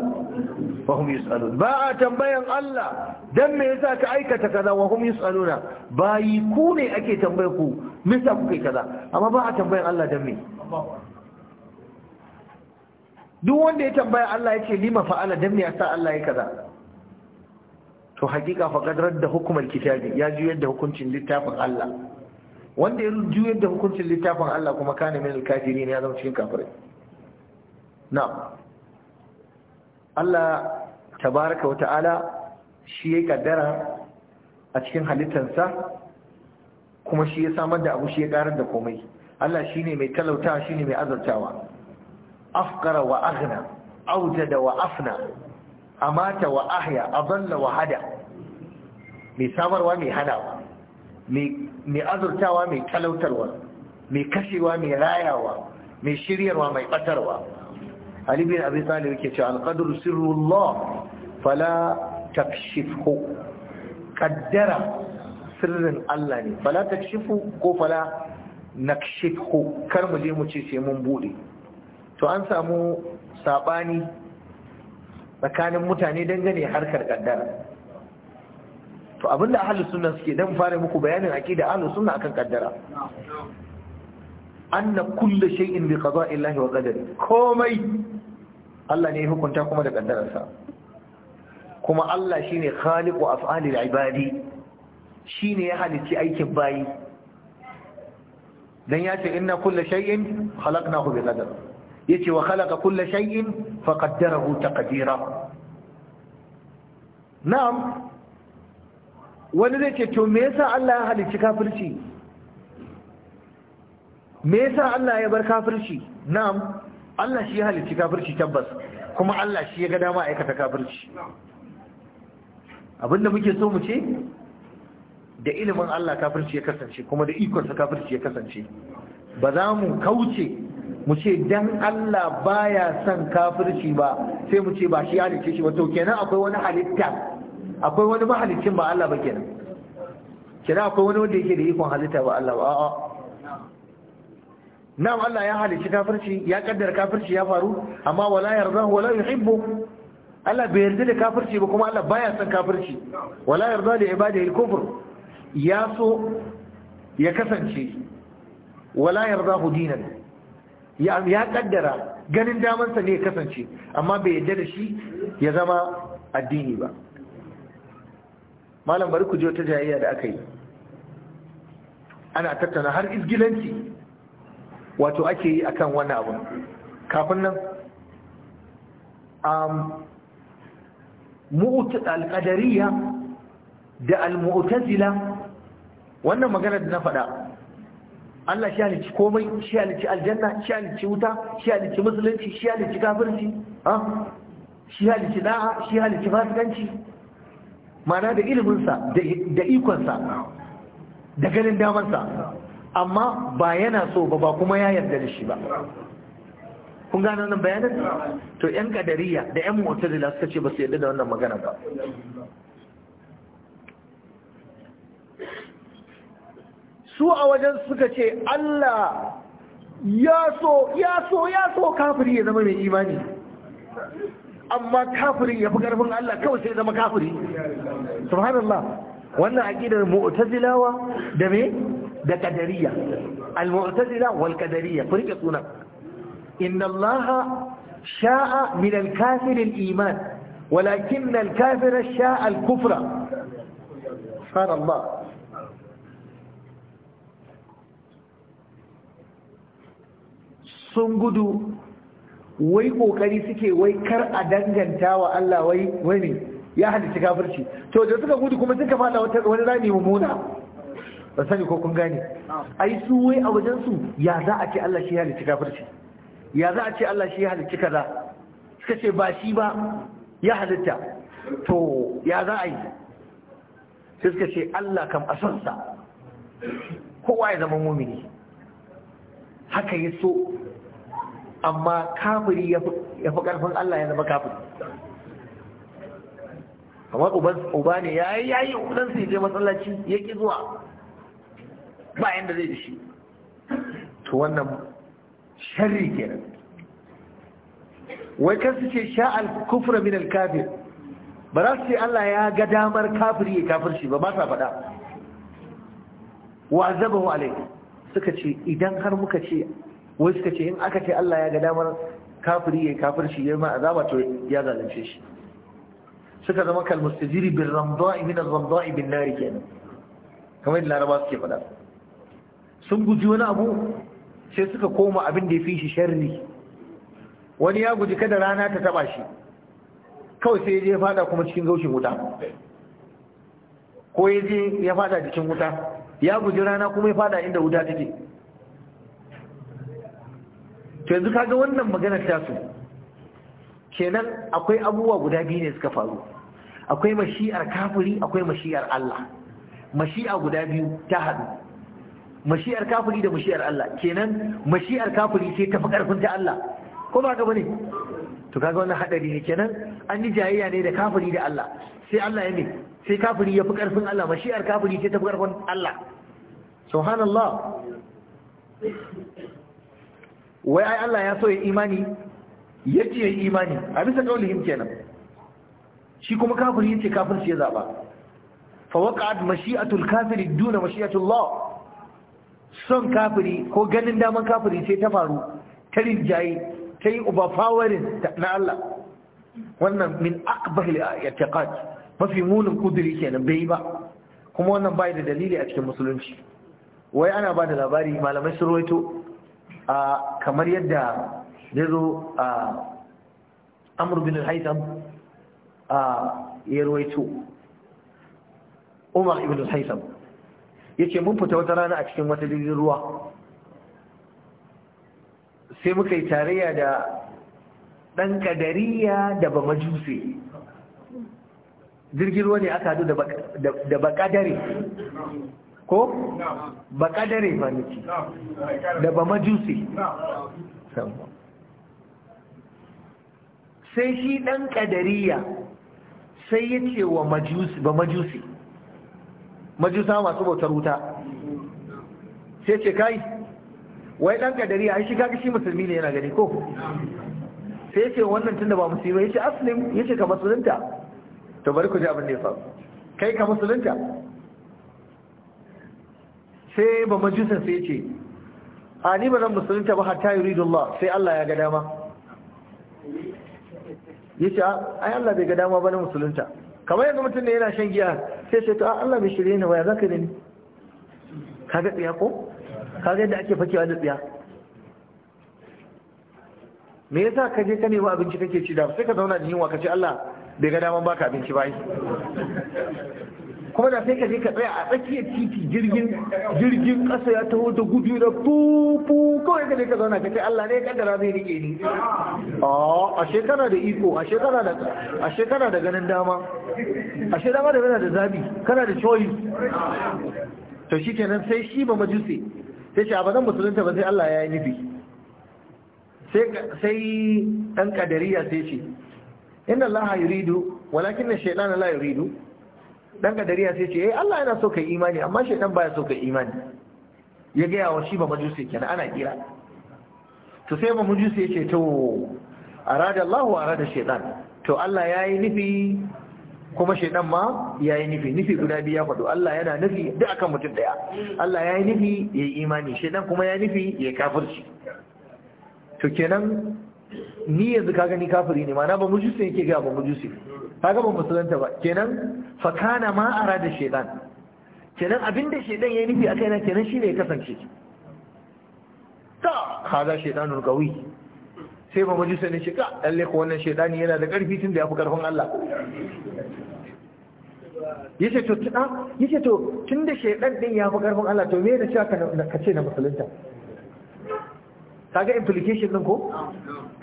wa hum yus'alun ba a tambayan Allah dan me yasa ka aikata kaza wa hum yus'aluna bayi ku ne ake tambaye ku me yasa kuke kaza amma ba a tambayan Allah dan me duk wanda ya tambaya Allah ya ce lima fa'ala dan me yasa Allah ya kaza to hakika faqadrar da hukumar kitabi ya juyar da hukuncin littafin Allah wanda ya juyar da hukuncin littafin Allah kuma kana min al-kafirin ya zama cikin kafirai na Allah tabaraka wa ta'ala shi ya kaddara a cikin halittarsa kuma shi ya samar da abu shi ya ƙarar da komai Allah shi ne mai talauta shi ne mai azartawa afkara wa aghna da wa afna amata wa ahya adalla wa hada mai samarwa mai hadawa mai azurtawa mai talautarwa mai kashewa mai rayawa mai shiryarwa mai batarwa ali bin abi talib yake cewa al-qadru sirrullah fala takshifhu qaddara sirrin Allah ne fala takshifu ko fala nakshifhu kar mu je mu ce sai mun bude to an samu sabani tsakanin mutane dangane harkar kaddara to abinda ahlus sunna suke dan fara muku bayanin aqida ahlus sunna akan kaddara anna kullu shay'in bi qada'i Allah wa qadari komai Allah ne ya hukunta kuma da kaddararsa kuma Allah shine khaliqu al ibadi shine ya halicci aikin bayi dan ya ce inna kullu shay'in khalaqnahu bi qadar yace wa khalaqa kullu shay'in fa qaddarahu taqdira na'am wani zai ce to me yasa Allah ya halicci kafirci me yasa Allah ya bar kafirci na'am Allah shi ya halicci kafirci tabbas kuma Allah shi ya ga dama aikata kafirci abinda muke so mu ce da ilimin Allah kafirci ya kasance kuma da ikon sa kafirci ya kasance ba za mu kauce mu ce dan Allah baya son kafirci ba sai mu ce ba shi halicce shi ba. To kenan akwai wani halitta akwai wani mahalicci ba Allah ba kenan kenan akwai wani wanda yake da ikon halitta ba Allah ba a'a na'am Allah ya halicci kafirci ya kaddara kafirci ya faru amma wala yardahu wala yuhibbu Allah bai yarda da kafirci ba kuma Allah baya son kafirci wala yarda da ibadihi al-kufr ya so ya kasance wala yardahu dinan ya ya kaddara ganin daman sa ne ya kasance amma bai yarda da shi ya zama addini ba malam bari ku je ta jayayya da aka yi ana tattauna har izgilanci wato ake yi akan wannan abu kafin nan al al-qadariyya da al-mu'tazila wannan magana da na faɗa Allah shi halici komai shi halici aljanna shi halici wuta shi halici musulunci shi halici kafirci shi halici da'a shi halici fasikanci mana da ilminsa, da ikonsa da ganin damansa amma ba yana so ba ba kuma ya yarda da shi ba kun gano nan bayanin to yan kadariya da yan mu'tazila suka ce ba su yarda da wannan magana ba su a wajen suka ce Allah ya so ya so ya so kafiri ya zama mai imani amma kafiri ya fi karfin Allah kawai sai zama kafiri subhanallah wannan aqidar mu'tazilawa da me ده قدرية المعتزلة والقدرية طريق يقولون إن الله شاء من الكافر الإيمان ولكن الكافر شاء الكفر سبحان الله sun gudu wai kokari suke wai kar a danganta wa Allah wai wani ya halitta kafirci to da suka gudu kuma suka fada wani rami mummuna ba sani ko kun gane A yi su wai a wajen su ya za a ce Allah shi ya halicci kafirci ya za a ce Allah shi ya halicci kaza suka ce ba shi ba ya halitta to ya za a yi sai suka ce Allah kam a son sa kowa ya zama mumini haka ya so amma kafiri ya fi karfin Allah ya zama kafiri amma uba ne ya yi yayi ubansa ya je masallaci ya ki zuwa ba yanda zai da shi to wannan sharri kenan wai kan su ce sha al-kufra min al-kafir ba za su ce Allah ya ga damar kafiri ya shi ba ba sa faɗa wa azabahu alai suka ce idan har muka ce wai suka ce in aka ce Allah ya ga damar kafiri ya shi ya ma azaba to ya zalunce shi suka zama kalmustajiri bin ramda'i min al ramdai bin nar kenan kamar da Laraba suke faɗa sun guji wani abu sai suka koma abin da ya fi shi sharri wani ya guji kada rana ta taba shi kawai sai ya je fada kuma cikin gaushin wuta ko ya je ya fada cikin wuta ya guji rana kuma ya fada inda wuta take to yanzu kaga wannan maganar ta su kenan akwai abubuwa guda biyu ne suka faru akwai mashi'ar kafiri akwai mashi'ar Allah mashi'a guda biyu ta haɗu mashi'ar kafiri da mashi'ar Allah kenan mashi'ar kafiri ce tafi karfin ta Allah ko ba ka bane to kaga wannan hadari ne kenan an yi jayayya ne da kafiri da Allah sai Allah ya ne sai kafiri ya fi karfin Allah mashi'ar kafiri ce tafi karfin Allah subhanallah wai ai Allah ya so ya imani ya ce ya imani a bisa kaulihim kenan shi kuma kafiri yace kafirci ya zaba fa waqa'at mashi'atul kafiri duna mashi'atul Allah son kafiri ko ganin daman kafiri sai ta faru ta rinjaye ta yi ubafawarin na Allah wannan min akbahil i'tiqad mafi munin kuduri kenan bai ba kuma wannan bai da dalili a cikin musulunci wai ana ba da labari malamai sun roito a kamar yadda ya zo a amr bin a ya roito umar ibn al Yake mun fita wata rana a cikin wata jirgin ruwa sai muka yi tarayya da ɗan kadariya da ba majuse jirgin ruwa ne aka hadu da bakadare ko? bakadare ba nake da ba majuse sai shi ɗan kadariya sai ya ce wa ba majuse majusa masu bautar wuta sai ce kai wai dan kadari ai shi kaga shi musulmi ne yana gani ko sai ce wannan tunda ba musulmi yace aslim yace ka musulunta to bari ku ji abin da ya faru kai ka musulunta sai ba majusan sai ce a ni ba zan musulunta ba hatta yuridullah sai Allah ya ga dama yace ai Allah bai ga dama ba na musulunta kamar yadda mutum ne yana shan giya sai sai ta Allah mai shirye ne waya zaka da ni ga tsiya ko Ka ga yadda ake fakewa da tsiya me yasa ka je ka nemi abinci kake ci da sai ka zauna da yunwa ka ce Allah bai ga daman baka abinci ba kuma da sai ka je ka tsaya a tsakiyar titi jirgin jirgin ƙasa ya taho da gudu da fufu kawai ka je ka zauna ka ce Allah ne kaddara zai rike ni a shekara da iko a shekara da a shekara da ganin dama a shekara da yana da zabi kana da choice to shikenan sai shi ba majusi sai ce abadan musulunta ba sai Allah ya yi nufi sai dan kadariya sai ce inna Allah yuridu walakin na shaytanu la yuridu dan gadariya sai ce eh Allah yana so kai imani amma shaytan baya so kai imani ya gaya wa shi ba majusi kenan ana kira to sai ba majusi yace ce to arada Allah wa arada shaytan to Allah yayi nufi kuma shaidan ma ya yi nufi nufi guda biya ya faɗo Allah yana nufi duk akan mutum daya Allah ya yi nufi ya yi imani shaidan kuma ya nufi ya kafirci to kenan ni yanzu ka gani kafiri ne maana ba majusi yake ga ba mujusi kaga ba musulunta ba kenan fakana ma ara da shaytan kenan abinda shaytan yayi nufi akai na kenan shine ya kasance ka kaga shaytanul gawi sai ba sai ne shi ka lalle ko wannan shaytani yana da karfi tun da yafi karfin Allah yace to tuna ah, yace to tunda shaytan din yafi karfin Allah to me da shi ka kace na musulunta kaga implication din ko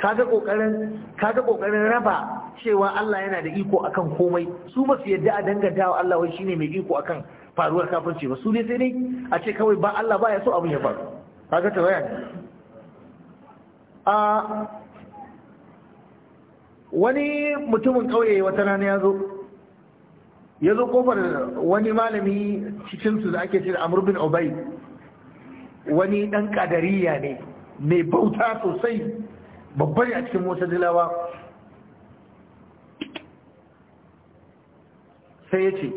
kaga kokarin kaga kokarin raba cewa Allah yana da iko akan komai su ba su yadda a danganta wa Allah wai shine mai iko akan faruwar kafirci ba su ne sai dai a ce kawai ba Allah baya so abin ya faru kaga tawaya ne a wani mutumin kauye wata rana ya zo ya zo kofar wani malami cikinsu da ake cire Amr bin obai wani ɗan ƙadariya ne mai bauta sosai Babbar ne a cikin mota dilawa sai ya ce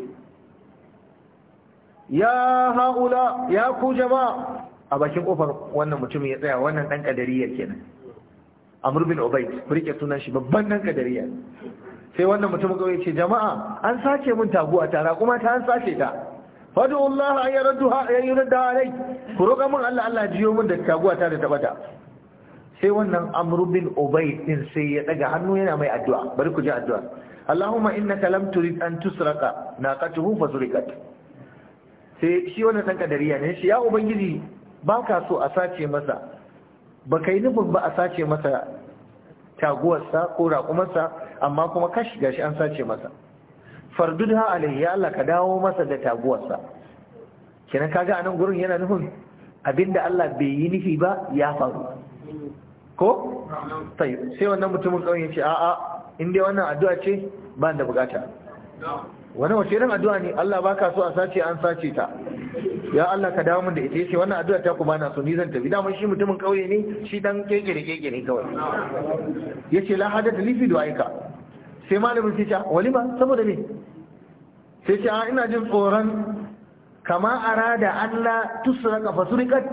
ya haula ya ku jama a bakin kofar wannan mutumin ya tsaya wannan dan kadariya kenan amr bin ubayd rike sunan shi babban dan kadariya sai wannan mutumin kawai ya ce jama'a an sace mun taguwa ta kuma ta an sace ta fadu Allah ya yi ha ya alai ku roƙa mun Allah Allah jiyo mun da taguwa ta da tabata sai wannan amru bin ubay din sai ya daga hannu yana mai addu'a bari ku ji addu'a Allahumma innaka lam turid an tusraka naqatuhu fasurikat sai shi wannan dan kadariya ne shi ya ubangiji baka so a sace masa baka yi nufin ba a sace masa taguwarsa ko raƙumarsa amma kuma kash gashi an sace masa fardudha alayhi ya Allah ka dawo masa da taguwarsa kenan kaga anan gurin yana nufin abinda Allah bai yi nufi ba ya faru ko sai wannan mutumin kawai ya ce a'a in wannan addu'a ce ba da bukata wani wace irin addu'a ne Allah baka so a sace an sace ta ya Allah ka dawo min da ita yace wannan addu'a ta ku bana so ni zan tafi da shi mutumin kawai ne shi dan kekere kekere kawai yace la da li fi du'aika sai malamin sai ta ah, walima saboda me sai ce a ah, ina jin tsoron kama arada Allah tusraka fasurikat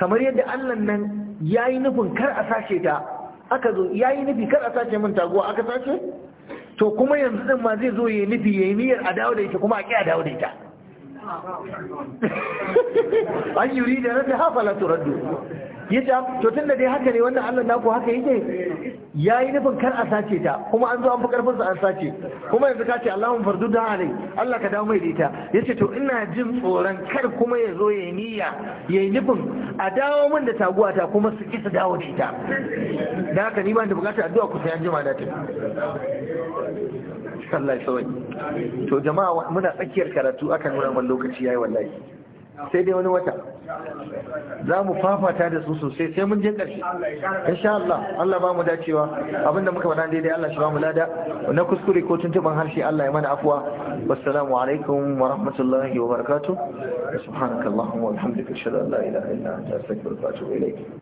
kamar yadda Allah nan Ya yi nufin kar a sace ta aka zo ya yi nufi kar a sace min taguwa aka sace to kuma yanzu din ma zai zo ya yi nufi ya yi niyyar a dawo da ita kuma a ƙi a dawo da ita an yuri da rabbi hafala Ya ta, to tunda dai haka ne wannan Allah naku haka yake ya yi nufin kar a sace ta kuma an zo an fi karfinsa an sace kuma yanzu ka ce Allahun fardu da alai Allah ka dawo mai da ita ya ce to ina jin tsoron kar kuma ya zo ya yi ya yi nufin a dawo min da taguwa ta kuma su ki su dawo da ita da haka ni ba da bukatar addu'a ku sai an jima da ta Allah ya to jama'a muna tsakiyar karatu akan nuna lokaci yayi wallahi sai dai wani wata za mu fafata da su sosai sai mun je ƙarshe insha Allah Allah ba mu dacewa abinda muka faɗa daidai Allah shi ba mu lada na kuskure ko tuntuban harshe Allah ya mana afuwa wassalamu alaikum wa rahmatullahi wa barakatuh subhanakallahumma wa bihamdika ashhadu an la ilaha illa anta astaghfiruka wa atubu ilayk